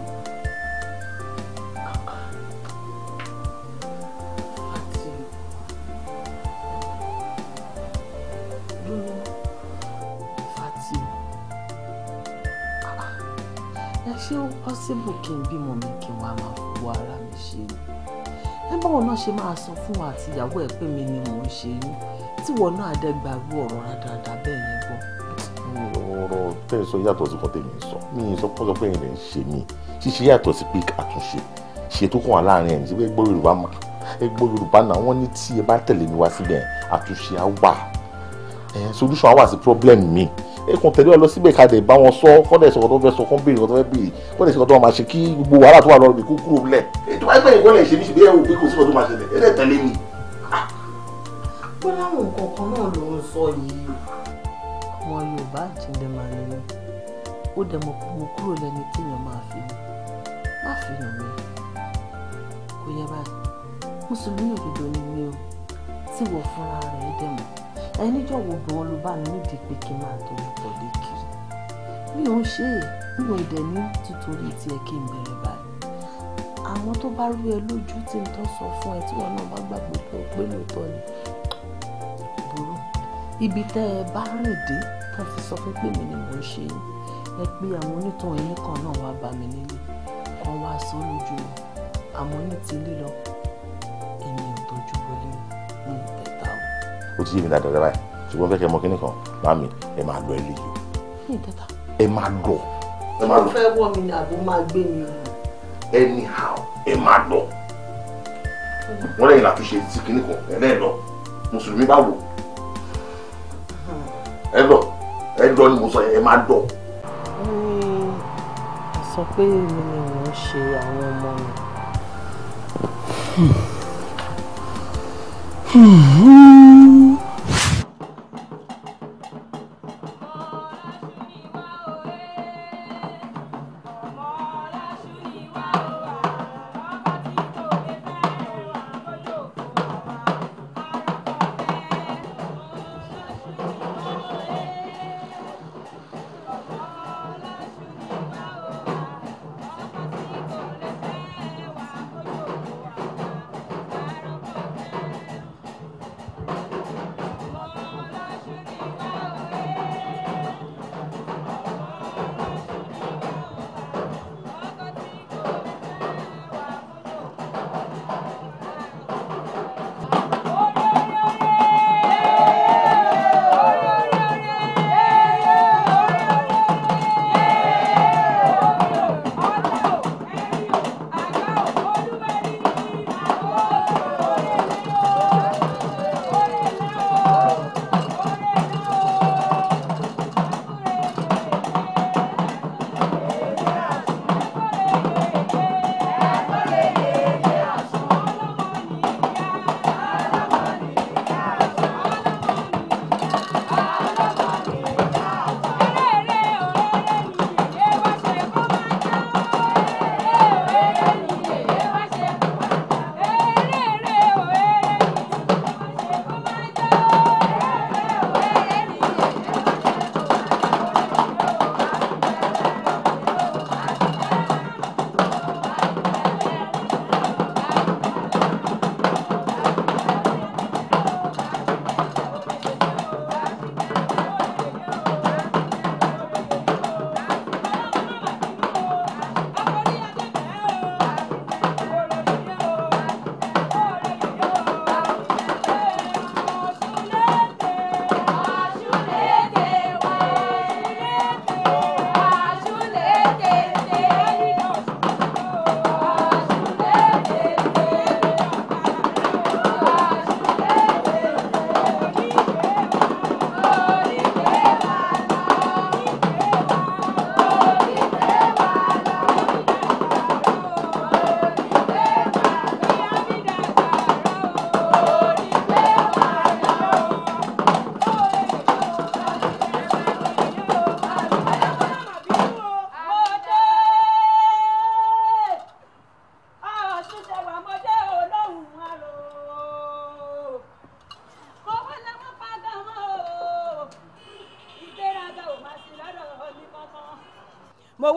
Ah, ah. ṣé ó possible kí n bímọ mi kí n wá máa fowó ara mi ṣe ni ẹ báwo náà ṣe máa sọ fún wa àti ìyàwó ẹ pé mi ni mò ń ṣe yín tíwọ náà adẹgbàrú ọ̀rọ̀ rádaràda bẹ́ẹ̀ yẹn gbọ́. ọ̀rọ̀ tẹ́ ẹ sọ yàtọ̀ sí kan tèmi sọ mi sọ pé sọ pé ẹ̀yin lè ń ṣe mí ṣíṣe yàtọ̀ sí pé àtúnṣe ṣe tó kàn wá láàrin ẹ̀yìn tí wọ́n gbọ́ Yorùbá mà ẹ gbọ́ Yorùbá náà wọ́n ní tí ẹ bá tẹ̀lé mi wá síbẹ̀ àtúnṣe á wà solution á wà sí problem mi ẹkùn tẹ̀lé ọ lọ síbẹ̀ ká dẹ̀ bá wọn sọ kọ́dẹ̀ sọ̀rọ̀ tó fẹ́ sọ kọ́ béèrè tó fẹ́ béèrè kọ́dẹ̀ sọ̀rọ̀ tó máa ṣe kí gbogbo wàhálà tó wà lọ́rọ̀ mi kú kúrò lẹ̀. ètò ẹgbẹ́ ìwọ lẹ̀ ṣe mí ṣe bí ẹ̀wọ̀n pé kò sí ọdún máa ṣẹlẹ̀ ẹ̀dẹ̀ tẹ̀lé mi. pé láwọn nǹkan kan náà ló ń sọ yìí. ọmọ Yorùbá àjìnlẹ̀ máa ń ní ó dẹ̀ mo kúrò lẹ́ni téèyàn máa fi má fi hàn mí kò yẹ báyìí mùsùlùmí òdodo ni mí o tí wọ́n fúnra rẹ̀ dẹ̀ mọ́ ẹni jọ̀wọ́ gan ló bá mi nídìí pé kí n máa torí tọ̀lé kiri mi ò ń ṣe é mi ò dẹ̀ ní títorí tiẹ̀ kí n bẹ̀rẹ̀ báyìí àwọn tó bá rú ẹ lójú tí n tó sọ fún ẹ tí wọn náà bá gbàgbé pé ó pé lóòótọ́ ni burú ibi tẹ́ ẹ bá rìn dé tó fi sọ pé pé mi ni mò ń ṣe yìí ẹ pé àwọn onítàn yín kan náà wá bá mi nílé kan wá sọ lójú àmọ́ ní ti lílọ ó ti yé mi dáadáa dáadáa ṣùgbọ́n fẹ́ kẹ́ mọ kínní kan màmí ẹ máa lọ ilé yìí ẹ máa lọ. ẹ máa lọ fẹ́ wọ mi ni àbí máa gbé mi. anyhow ẹ máa lọ wọ́n lẹ́yìn àtúnṣe sí kínní kan ẹ lẹ́ẹ̀ lọ mùsùlùmí bá wò ẹ lọ ẹ lọ ni mo sọ ẹ máa lọ. sọ pé èmi ni mò ń ṣe àwọn ọmọ mi. Hmm. hmm.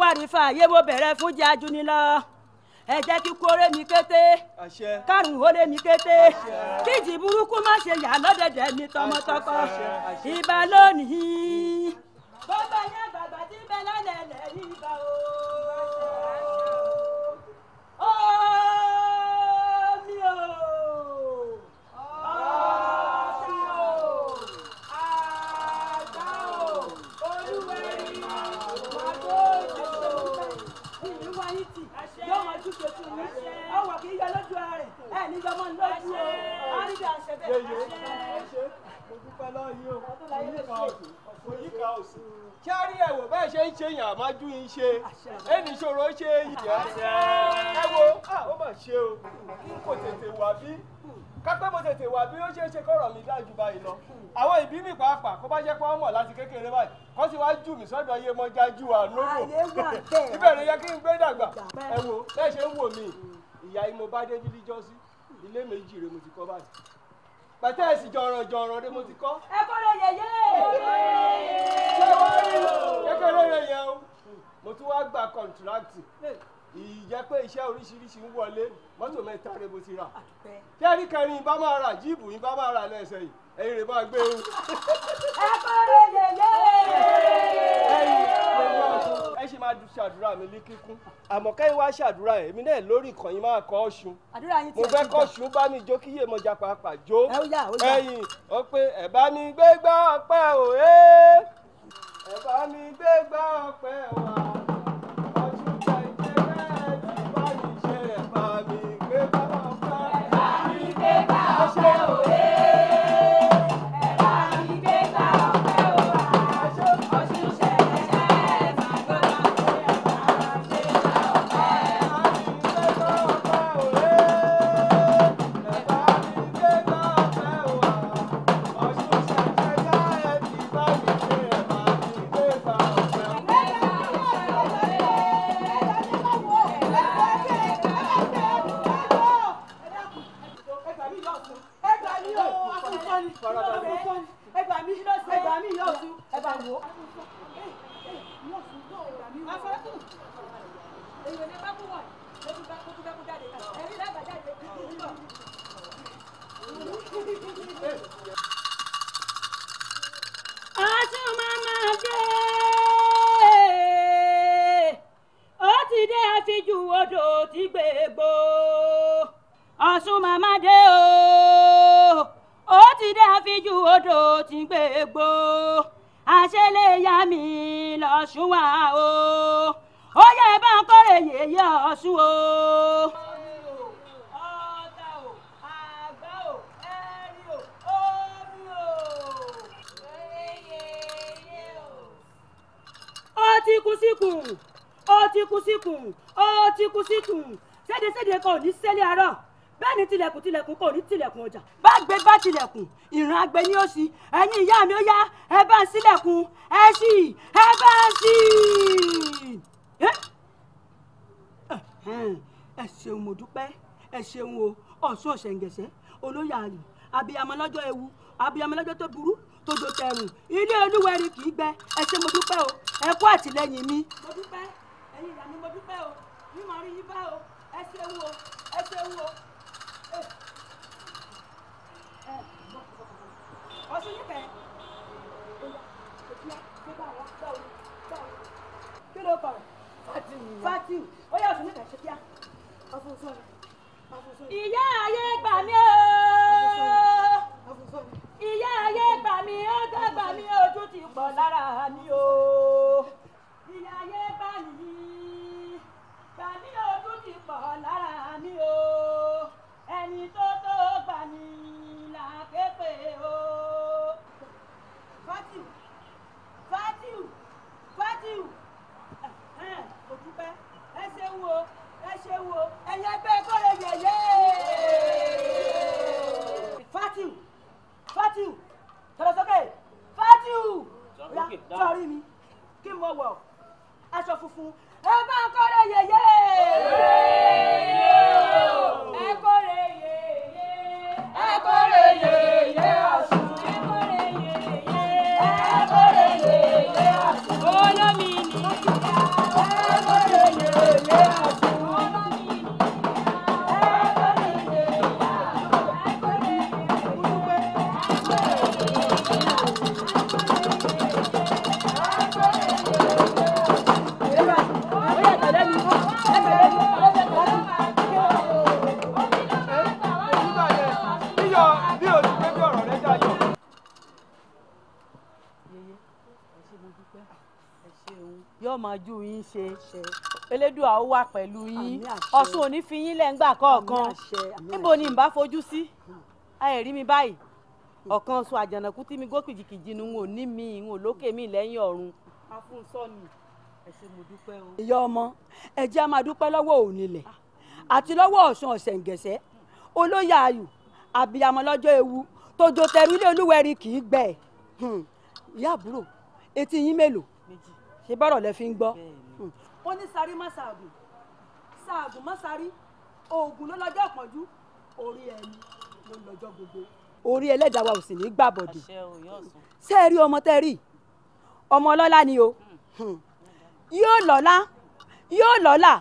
wà ní fààyè mo bẹ̀rẹ̀ fún jẹ́ ajuni lọ ẹ jẹ́ kí kórè mi kété kárùn ó mi kété kíjì burúkú má ṣe yà lọ́dẹ̀dẹ̀ mi tọmọtọkọ ìbá lónìí kí á rí ẹ̀wò bẹ́ẹ̀ ṣe ń ṣe yàn àmájú yín ṣe ẹnì ìṣòro ṣe yìnyín ẹ wo ó mà ṣe o kò tètè wà bí kápẹ́ mo tètè wà bí ó ṣeé ṣe kọ̀rọ̀ mi dájú báyìí lọ àwọn ìbí mi pàápàá kó bá jẹ́ pé wọ́n mọ̀ láti kékeré báyìí kó sì wá jù mí sọ́dọ̀ iye mọ́já jù ànúbò ibẹ̀ ló yẹ kí n gbé dàgbà ẹ wo bẹ́ẹ̀ ṣe ń wò mí ìyá yìí bá dé bílíjọ́sí ilé méjì rèé mo ti kọ́ báyìí bàtà ẹ̀sìn jọ̀rọ̀ jọ̀rọ̀ ni mo ti kọ́. ẹ kọ́lé yẹyẹ. ṣé wọ́n rí o kékeré rẹ̀ yẹ o mo tún wá gba kọ̀ǹtùráǹtì ìjẹ́ pé iṣẹ́ oríṣiríṣi ń wọlé mọ́tò mẹ́ta rẹ̀ mo ti rà. kẹ́ríkẹ́rin bá máa rà jíìbù yín bá máa rà lẹ́sẹ̀ yìí ẹ̀yin rẹ bá gbé o. ẹ kọ́rọ̀ yẹyẹ. ẹ ṣe máa dùn ṣàdúrà mi ní kíkún àmọ́ kẹ́yìn wá ṣàdúrà ẹ̀ èmi náà lórí ìkànnì máa kọ́ ọ̀ṣun mo fẹ́ kọ́ ọ̀ṣun bá mi jó kí yé mọ̀jà pàápàá jó ẹ̀yìn ó pé ẹ̀ bá mi gbé gbá ọpẹ́ o ẹ̀ bá mi gbé gbá ọpẹ́ wa. ọ̀ṣun ọ̀ṣẹ̀ǹgẹ̀ṣẹ̀ olóyè àrè abiyamọ lọ́jọ́ ewu abiyamọ lọ́jọ́ tó burú tó do tẹrùn ilé olúwẹ̀rí kì í gbẹ ẹ ṣé mo dúpẹ́ o ẹ kú àtìlẹ́yìn mi. mo dúpẹ́ ẹ̀yin ìyá mi mo dúpẹ́ o mi mọ̀ rí yín bá o ẹ ṣé wo ẹ ṣé wo. ọ̀ṣun nífẹ̀ẹ́ kí ló kọ̀ rẹ̀ fatiu ó yà ọ̀ṣun nífẹ̀ẹ́ ṣe kíá ọ̀ṣun sọ̀rọ̀ ìyá ayé gbà mí o ìyá ayé gbà mí ó dàgbà mí ojú ti pọ̀ lára mi o ìyá ayé gbà mí gbà mí ojú ti pọ̀ lára mi o ẹni tó tó gbà mí là ké pè o. Fatiu Fatiu Fatiu ẹ ẹ òdúpẹ́ ẹ ẹ ṣe wo ẹ̀yin ẹgbẹ́ kọ́lé yẹ̀yẹ́. Fatiu Fatiu tọ̀rọ̀ sókè Fatiu sọ̀rí mi kí n mọ̀ wọ̀ aṣọ funfun ẹ bá ń kọ́lé yẹ̀yẹ́. ó máa ju yín ṣe elédùà ó wà pẹ̀lú yín ọ̀ṣun ò ní fi yín lẹ́ǹgbà kọ̀ọ̀kan níbo ni ìbá fojú sí ẹ rí mi báyìí ọ̀kan sọ àjànàkú tí mi gókìjìkìjì ni n ò ní mi n ò lókè mi lẹ́yìn ọ̀run afúnṣọ́ni ẹ ṣé mo dúpẹ́ o. ìyá ọmọ ẹ jẹ́ a máa dúpẹ́ lọ́wọ́ onílẹ̀ àti lọ́wọ́ ọ̀ṣun ọ̀sẹ̀ǹgẹ̀sẹ̀ olóyè ayù àbíyamọ lọ́jọ́ ewu tòjò tẹ̀rù ilé olúwẹ̀rí kì í gbẹ hmm, ìyá àbúrò etí yín mélòó ṣé bọ́rọ̀ lẹ fi ń gbọ́. ó hmm. ní sáré má ṣàgùn ṣàgùn má sáré oògùn ló lọ́jọ́ ìpọ́njú orí ẹni ló lọ́jọ́ gbogbo orí ẹlẹ́dàá wa ò sì ní gbàbọ̀dì ṣé ẹ rí ọmọ tẹ́ rí ọmọ ọlọ́lá ni o hmm. Hmm. yóò lọ́lá yóò lọ́lá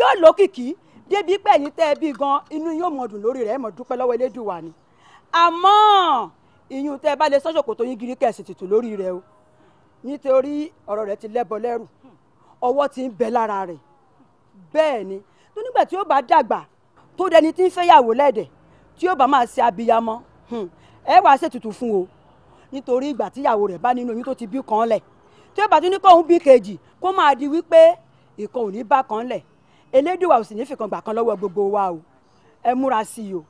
yóò lókìkí débi pé ẹ̀yin tẹ́ ẹ bí gan inú yóò mọ̀ dùn lórí rẹ̀ ẹ̀ mọ̀ dúpẹ́ lọ́wọ́ elédùn wa ni àmọ́ ìyún tẹ́ ẹ bá lè sọ́ṣọ̀kò tó yín gírí kẹ̀sì tìtù lórí rẹ̀ o nítorí ọ̀rọ̀ rẹ̀ ti lẹ́bọ lẹ́rù ọwọ́ ti ń bẹ lára rẹ̀ bẹ́ẹ̀ ni tó nígbà tí ó bá dàgbà tó dẹni tí ń fẹ́yàwó lẹ́dẹ̀ tí ó bá máa ṣe abiyamọ ẹ wàá ṣètùtù fún o nítorí ìgbà tíyàwó rẹ̀ bá nínú oyún tó ti bí kan lẹ̀ tí ó bá tún ní kóun bí kejì kó máa di wípé ìkan ò ní bá kan lẹ̀ elédùwà ò sì ní fìkan gbà kan lọ́wọ́ gbogbo wa o ẹ múra sí i o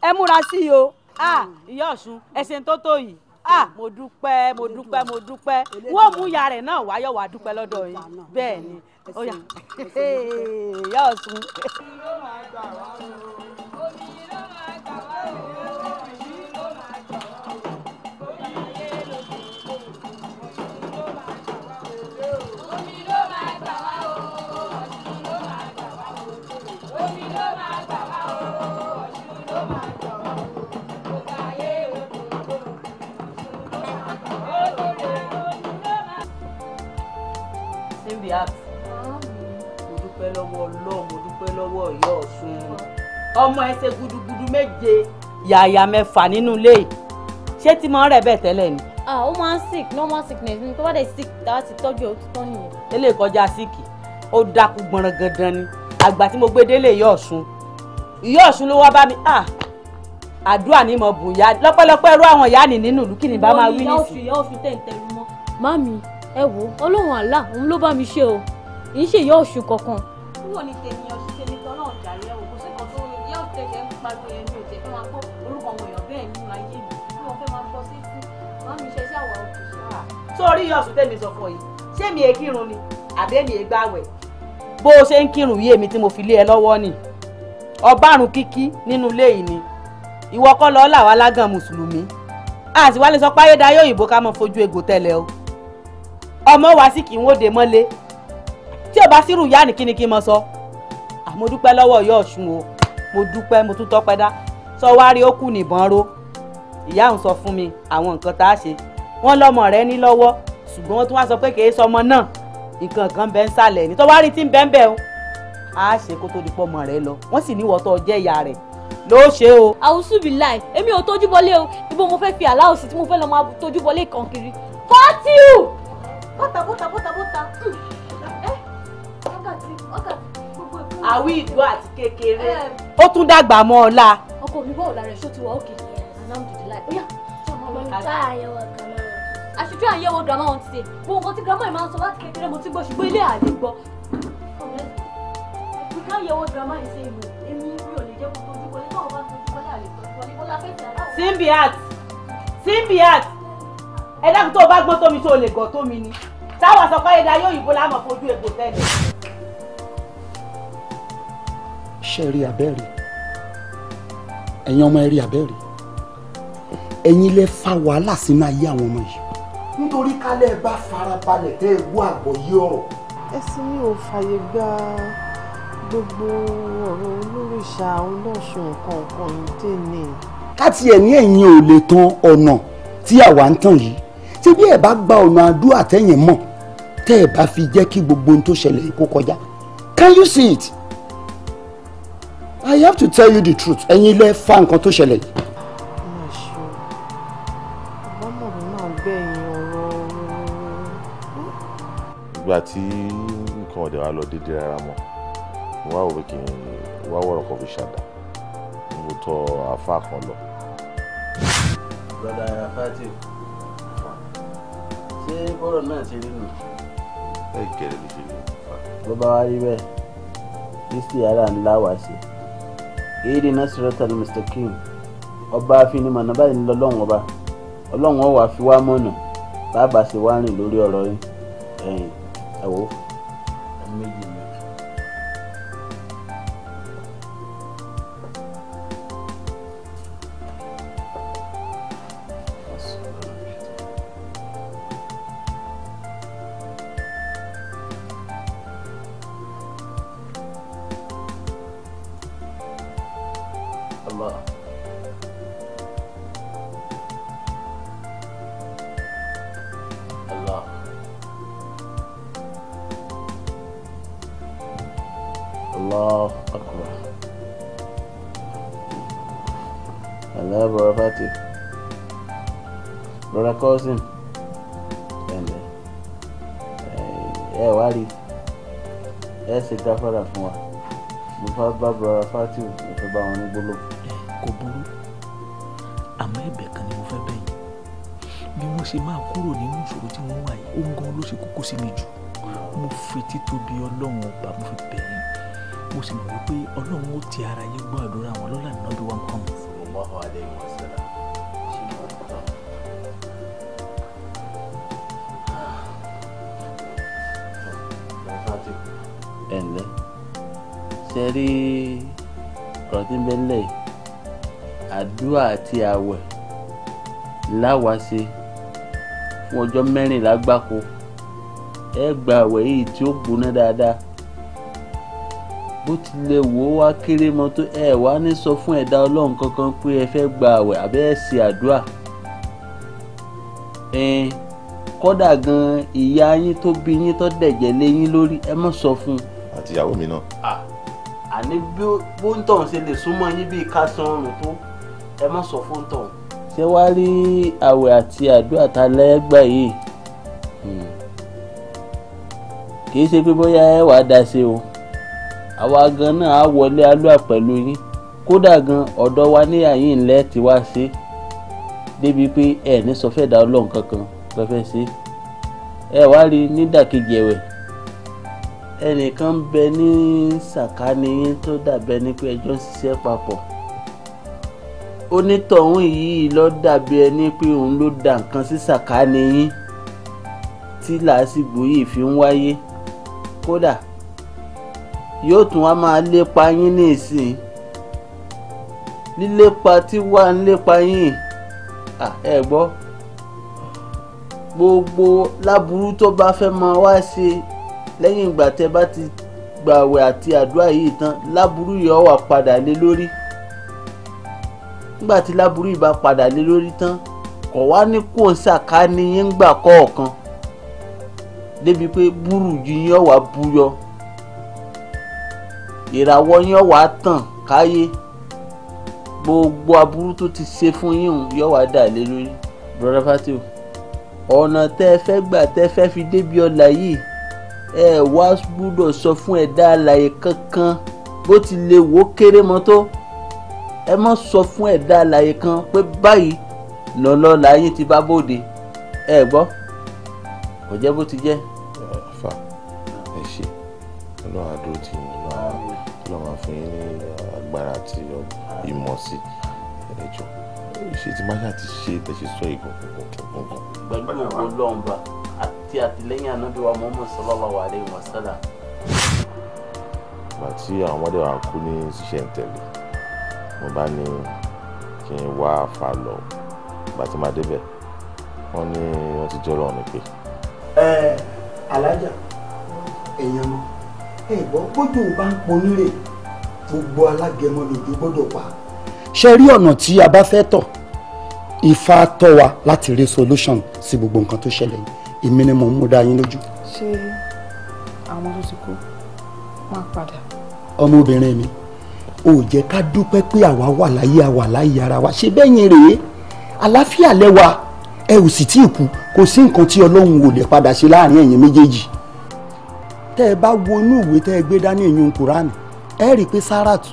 ẹ múra sí i o. Ah! ìyá ọ̀sùn ẹ̀sìn tó tó yìí ah mo dúpẹ́ mo dúpẹ́ mo dúpẹ́ wọ́n mú ìyá rẹ̀ náà wáyọ̀ wá dúpẹ́ lọ́dọ̀ yín bẹ́ẹ̀ ni ó yá yọ̀ àbí mo dúpẹ́ lọ́wọ́ ọlọ́run mo dúpẹ́ lọ́wọ́ ìyá ọ̀ṣun ọmọ ẹsẹ̀ gudugudu méje yàyà mẹ́fà nínú ilé ṣé tí mo ń rẹ̀ bẹ́ẹ̀ tẹ́lẹ̀ ni. ah ó máa ń sick normal sickness ni tó bá dé sick tá a ti tọ́jú ẹ̀ ó ti tán nìyẹn. eléyìí kọjá sick ó dákú gbọ̀nràn gandan ni àgbà tí mo gbé délé ìyá ọ̀ṣun ìyá ọ̀ṣun ló wá bá mi ah àdúrà ni mo bù ya lọ́pọ̀lọpọ̀ ẹrú àwọn ìyá nì nínú ìlú kí ni bá máa wí nísìnyí. ìyá ọ̀ṣun ìyá ọ̀ṣun tẹ̀ ń tẹ̀rù mọ́. mami ẹ wo ọlọ́run àlá òun ló bá mi ṣe o kì í ṣe ìyá ọ̀ṣù kankan. wúwo ni tèmi ọ̀ṣù tèmi kan náà jàre ẹ̀ wò kó sẹ́kọ̀ọ́ tó yẹ ò tẹ̀lé ń pariwo yẹn mi ò tẹ̀ fẹ́ máa gbọ́ orúkọ àwọn èèyàn bẹ́ẹ̀ nínú ayé mi bí wọ́n fẹ́ máa gbọ́ sí fún wọn mi ṣe iṣẹ́ àwọn òṣìṣẹ́. sórí ìyá ọ̀ṣù tèmi sọ yìí ṣé mi è kírun ni àbẹ́mi è gbàwẹ̀ bó o ṣe ń kírun yìí èmi tí mo fi lé ẹ lọ́wọ́ ni ọbaàrún kíkí nínú ilé yìí ni ìwọ kọ́ lọ́ọ́ làwọn alágàn mùsùlùmí àti wálé sọ pé ayédáyé òyìnbó ká mọ fojú egbò tẹ́lẹ̀ o ọmọ wa sì kì í wọ́n de mọ́lé tí ò bá sírù yá ni kíni kí n mọ sọ àmọ́ dúpẹ́ lọ́wọ́ ìyá ọ̀ṣun o mo dúpẹ́ mo tún tọ́pẹ́ dá sọ wá rí ó kù nìbọn ró ìyá òun sọ fún mi àwọn nǹkan tá a ṣe wọ́n lọ́mọ rẹ ní lọ́wọ́ ṣùgbọ́n wọ́n tún wá sọ pé kì í sọmọ náà nǹkan kan bẹ́ẹ̀ ń sàlẹ̀ ní tọ́wárí tí ń bẹ́ẹ̀ bẹ́ẹ̀ o a ṣe kó tó di pọ́ ọmọ rẹ lọ wọ́n sì ní ìwọ́tọ́ jẹ́ ìyá rẹ̀ ló ṣe o. àwùsùbìláì èmi ò tójú bọlé o ibo mo fẹ́ fi àláòsì tí mo fẹ́ lọ́ọ́ máa tójú bọlé kan fọ́tíù bọ́tà bọ́tà bọ́tà bọ́tà ẹ eh, wákàtí wákàtí gbogbo èkó. àwí ìlú àti kékeré ó tún dàgbà mọ́ ọ la. ọkọ mi bọ́ọ̀ lára ẹ̀ ṣó ti wà ókè alhamdulilayi ó yà ọmọ àyẹ̀wò gàmá àṣìjú àyẹ̀wò gàmá wọn ti ṣe gbogbo nǹkan tí gàmá yìí máa ń sọ láti kékeré mo ti gbọ́ ṣùgbọ́n ilé àlè gbọ́. àyẹ̀wò gàmá yìí ṣe ìmọ̀ èmi mi ò jẹ́ kó tójú wọlé náà wá tójú tó wọlé bọ́lá Simbiat Simbiat ẹ dákun tó o bá gbọ́n tómi tó o lè gọ̀ tómi ni táwa sọ pé ẹ̀dá yóò yìnbó láàmú fojú egbò tẹ́lẹ̀. ṣe rí abẹ́rẹ́ ẹ̀yin ọmọ ẹ rí abẹ́rẹ́ ẹ̀yin lẹ fa wàhálà sínú ayé àwọn ọmọ yìí. nítorí kálẹ̀ ẹ bá farabalẹ̀ tẹ́ ẹ wú àgbọ́yé ọ̀rọ̀. ẹ̀sìn mi ò fààyè gba gbogbo ọ̀rọ̀ olórìṣà olóṣùn nǹkan kan tẹ̀ ní. ká tiẹ̀ ní ẹ̀yin ò lè tan ọ̀nà tí àwa ń tàn yìí ṣé bí ẹ bá gba ọ̀nà àdúrà tẹ́yìn mọ̀ tẹ́ ẹ bá fi jẹ́ kí gbogbo ohun tó ṣẹlẹ̀ kó kọjá can you see it i have to tell you the truth ẹ̀yin ilé fa nǹkan tó ṣẹlẹ̀ yìí. ìgbà tí nǹkan ọ̀dẹ̀ wa lọ dédé rárá mọ́ mo wá òwe kì í wá wọ̀rọ̀ kan fi ṣàdá mo tọ àáfàá kan lọ. brother rafael ṣé bọ́rọ̀ náà ṣe rí nù. ẹ kẹrẹ mi ṣe ní ìfà. bó bá wá rí bẹ́ẹ̀ kristi ara ńlá wá sí èyí náà sọ̀rọ̀tà ní mr king ọba afinimọ̀nà báyìí ń lọ lọ́wọ́n ọba ọlọ́wọ́n wà fi wá mọ̀nà bàbá ṣe wá rìn lórí ọ̀rọ̀ yìí ẹ̀yìn ẹ̀wọ̀ ẹ̀mẹ́jì love. Allah. Allah Akbar. Allah Brother Fatih. Brother Cousin. Ẹ̀ǹdẹ̀. Ẹ wá rí. Ẹ ṣe gáfárà fún wa. Mo fẹ́ bá Brother Fatih mo fẹ́ bá wọn ní gbólóhùn. ṣe máa kúrò nínú ìṣòro tí wọ́n wà yìí ó ló ṣe kókó sí mi jù mo fi títóbi ọlọ́run ọba mo fi bẹ̀ yín mo sì mọ̀ wípé ọlọ́run ó ti ara yín gbọ́ àdúrà wọn lọ́la nàbí wọn kàn. ẹ ǹlẹ́ ṣe rí ọ̀rọ̀ àdúrà àti àwẹ̀ láwàá fún ọjọ́ mẹ́rìnlá gbáko ẹ gba àwẹ̀ yìí tí ó gbóná dáadáa bó tilẹ̀ wò ó wá kéré mọ́ tó ẹ wá ní sọ fún ẹ̀dá ọlọ́run kankan pé ẹ fẹ́ gba àwẹ̀ àbẹ́ ẹ̀ ṣe àdúrà ẹ̀ẹ́n gan ìyá yín tó bí yín tó dẹ̀jẹ̀ lé yín lórí ẹ mọ̀ sọ fún un. àti ìyàwó mi náà. àní bó ń tàn ṣe lè súnmọ́ yín bíi ká san ọrùn tó ẹ mọ̀ sọ fún tàn ṣé wàá rí àwẹ̀ àti àdúrà tá a lẹ́gbà yìí hmm. kìí ṣe pé bóyá ẹ wàá da ṣe o àwa gan náà á wọlé alúà pẹ̀lú yín kódà gan ọ̀dọ̀ wa ní àyín ńlẹ̀ tí wá ṣe débi pé ẹ ní sọ da ọlọ́run kankan lọ fẹ́ ṣe ẹ wá rí nídàkejì ẹ̀wẹ̀ ẹnìkan ń bẹ ní sàkání yín tó dàbẹ́ ni pé ẹjọ́ ń ṣiṣẹ́ papọ̀ onítọ̀hún yìí ló dàbí ẹni pé òun ló da nǹkan sí sàkání yín tí làásìgbò yìí fi ń wáyé kódà yóò tún wá máa lépa yín ní ìsìn lílépa tí wà ń lépa yín ẹ gbọ́ gbogbo láburú tó bá fẹ́ máa wá ṣe lẹ́yìn ìgbà tẹ́ bá ti gbàwẹ̀ àti àdúrà yìí tán láburú yìí ó wá padà lé lórí nígbà tí láburú ìbá padà lé lórí tán kò wá ní kó ń ṣàkání yín gbà kọ̀ọ̀kan débi pé búrú ju yín ọ̀wá búyọ ìràwọ̀ yín ọ̀wá tàn káyé gbogbo aburú tó ti ṣe fún yín yóò wá dà lé lórí brother Fatiu ọ̀nà tẹ́ ẹ fẹ́ gbà tẹ́ ẹ fẹ́ fi débi ọ̀la yìí ẹ wá gbúdọ̀ sọ fún ẹ̀dá alàyè kankan bó ti lè wó kéré mọ́ tó ẹ mọ́ sọ fún ẹ̀dá alàyè kan pé báyìí lọ́lọ́ láyé ti bá bòde ẹ gbọ́ kò jẹ́ bó ti jẹ́. àfà ẹ ṣe ọlọ́run àdúró ti yín ọlọ́run àfún yín ní agbára àti ìmọ̀ sí ẹ̀jọ̀ ṣe ti máa ṣàti ṣe tẹ̀sí sọ ìgbọ̀ngbọ̀n gbọ̀ngbọ̀n. pẹ̀lú ògo lọ́nba àti àtìlẹ́yìn anábíwá Muhammad sallallahu alaihi wasallam. ìgbà tí àwọn ọmọdé wa kú ní ṣiṣẹ́ ń tẹ̀lé mo bá ní kí n wá àfà lọ ìgbà tí màá débẹ̀ wọ́n ní wọ́n ti jọ́ lọ́rùn pé. ẹ alájà èèyàn mọ ẹ gbọ́ bójú ò bá ń ponírè gbogbo alágẹmọ lòdì gbọ́dọ̀ pa. ṣe rí ọ̀nà tí a bá fẹ́ tọ̀ Ifá tọ́ wa láti rí solution sí gbogbo nǹkan tó ṣẹlẹ̀ yìí èmi ni mò mú dá yín lójú. ṣé àwọn tó ti kú máa padà. ọmọbìnrin mi ò jẹ́ ká dúpẹ́ pé àwa wà láyé àwa láyé ara wa ṣe bẹ́ẹ̀ yẹn rèé àlàáfíà lẹ́wà ẹ ò sì tí ì kú kò sí nǹkan tí ọlọ́run ò lè padà ṣe láàrin ẹ̀yin méjèèjì tẹ́ ẹ bá wo inú ìwé tẹ́ ẹ gbé dání ìyún Kùránì ẹ rí i pé Sáràtù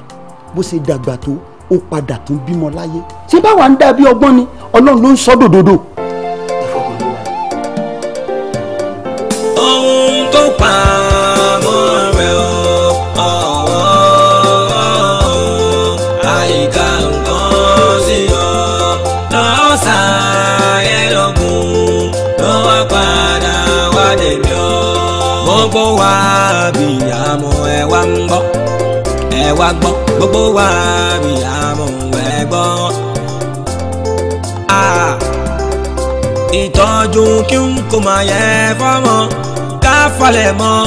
bó ṣe dàgbà tó ó padà tún bímọ láyé ṣé báwa ń dàbí ọgbọ́n ni ọlọ́run ló ń sọ dòdòdò. ohun tó pa gbogbo wa bìyàmù ẹ wá ń gbọ́ ẹ wá gbọ́ gbogbo wa bìyàmù ẹ gbọ́. ìtọ́jú kí n kò máa yẹ fọ́mọ ká falẹ̀ mọ́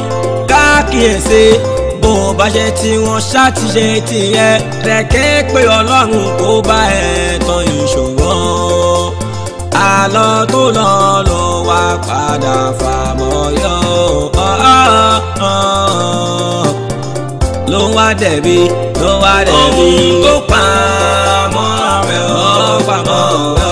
ká kíyèsí bó bá ṣe tí wọ́n ṣàtìṣe tiẹ̀ rẹ̀kẹ́ pé ọlọ́run kó bá ẹ̀ tán ìṣòro àlọ́ tó lọ́ọ́ lọ́ọ́ wá padà fàmọ́yọ́ ló ń wá dẹ̀bi ló ń wá dẹ̀bi. ohun tó pa mọ́ rẹ̀ ó pamọ́ rẹ̀.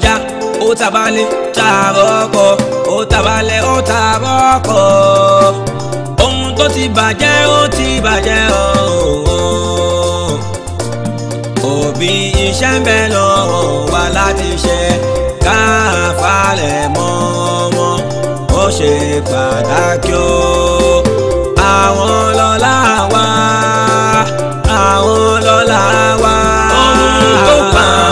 já ó tabalẹ̀ tààrọ́kọ̀ ó tabalẹ̀ ó tààrọ́kọ̀ ohun tó ti bàjẹ́ ó ti bàjẹ́ ọ̀hún òbí iṣẹ́ ń bẹ lọ́rọ̀ wá láti ṣe káfalẹ̀ mọ́ ọmọ ó ṣe pàtàkì ó àwọn lọ́lá wa àwọn lọ́lá wa ọdún tó bá.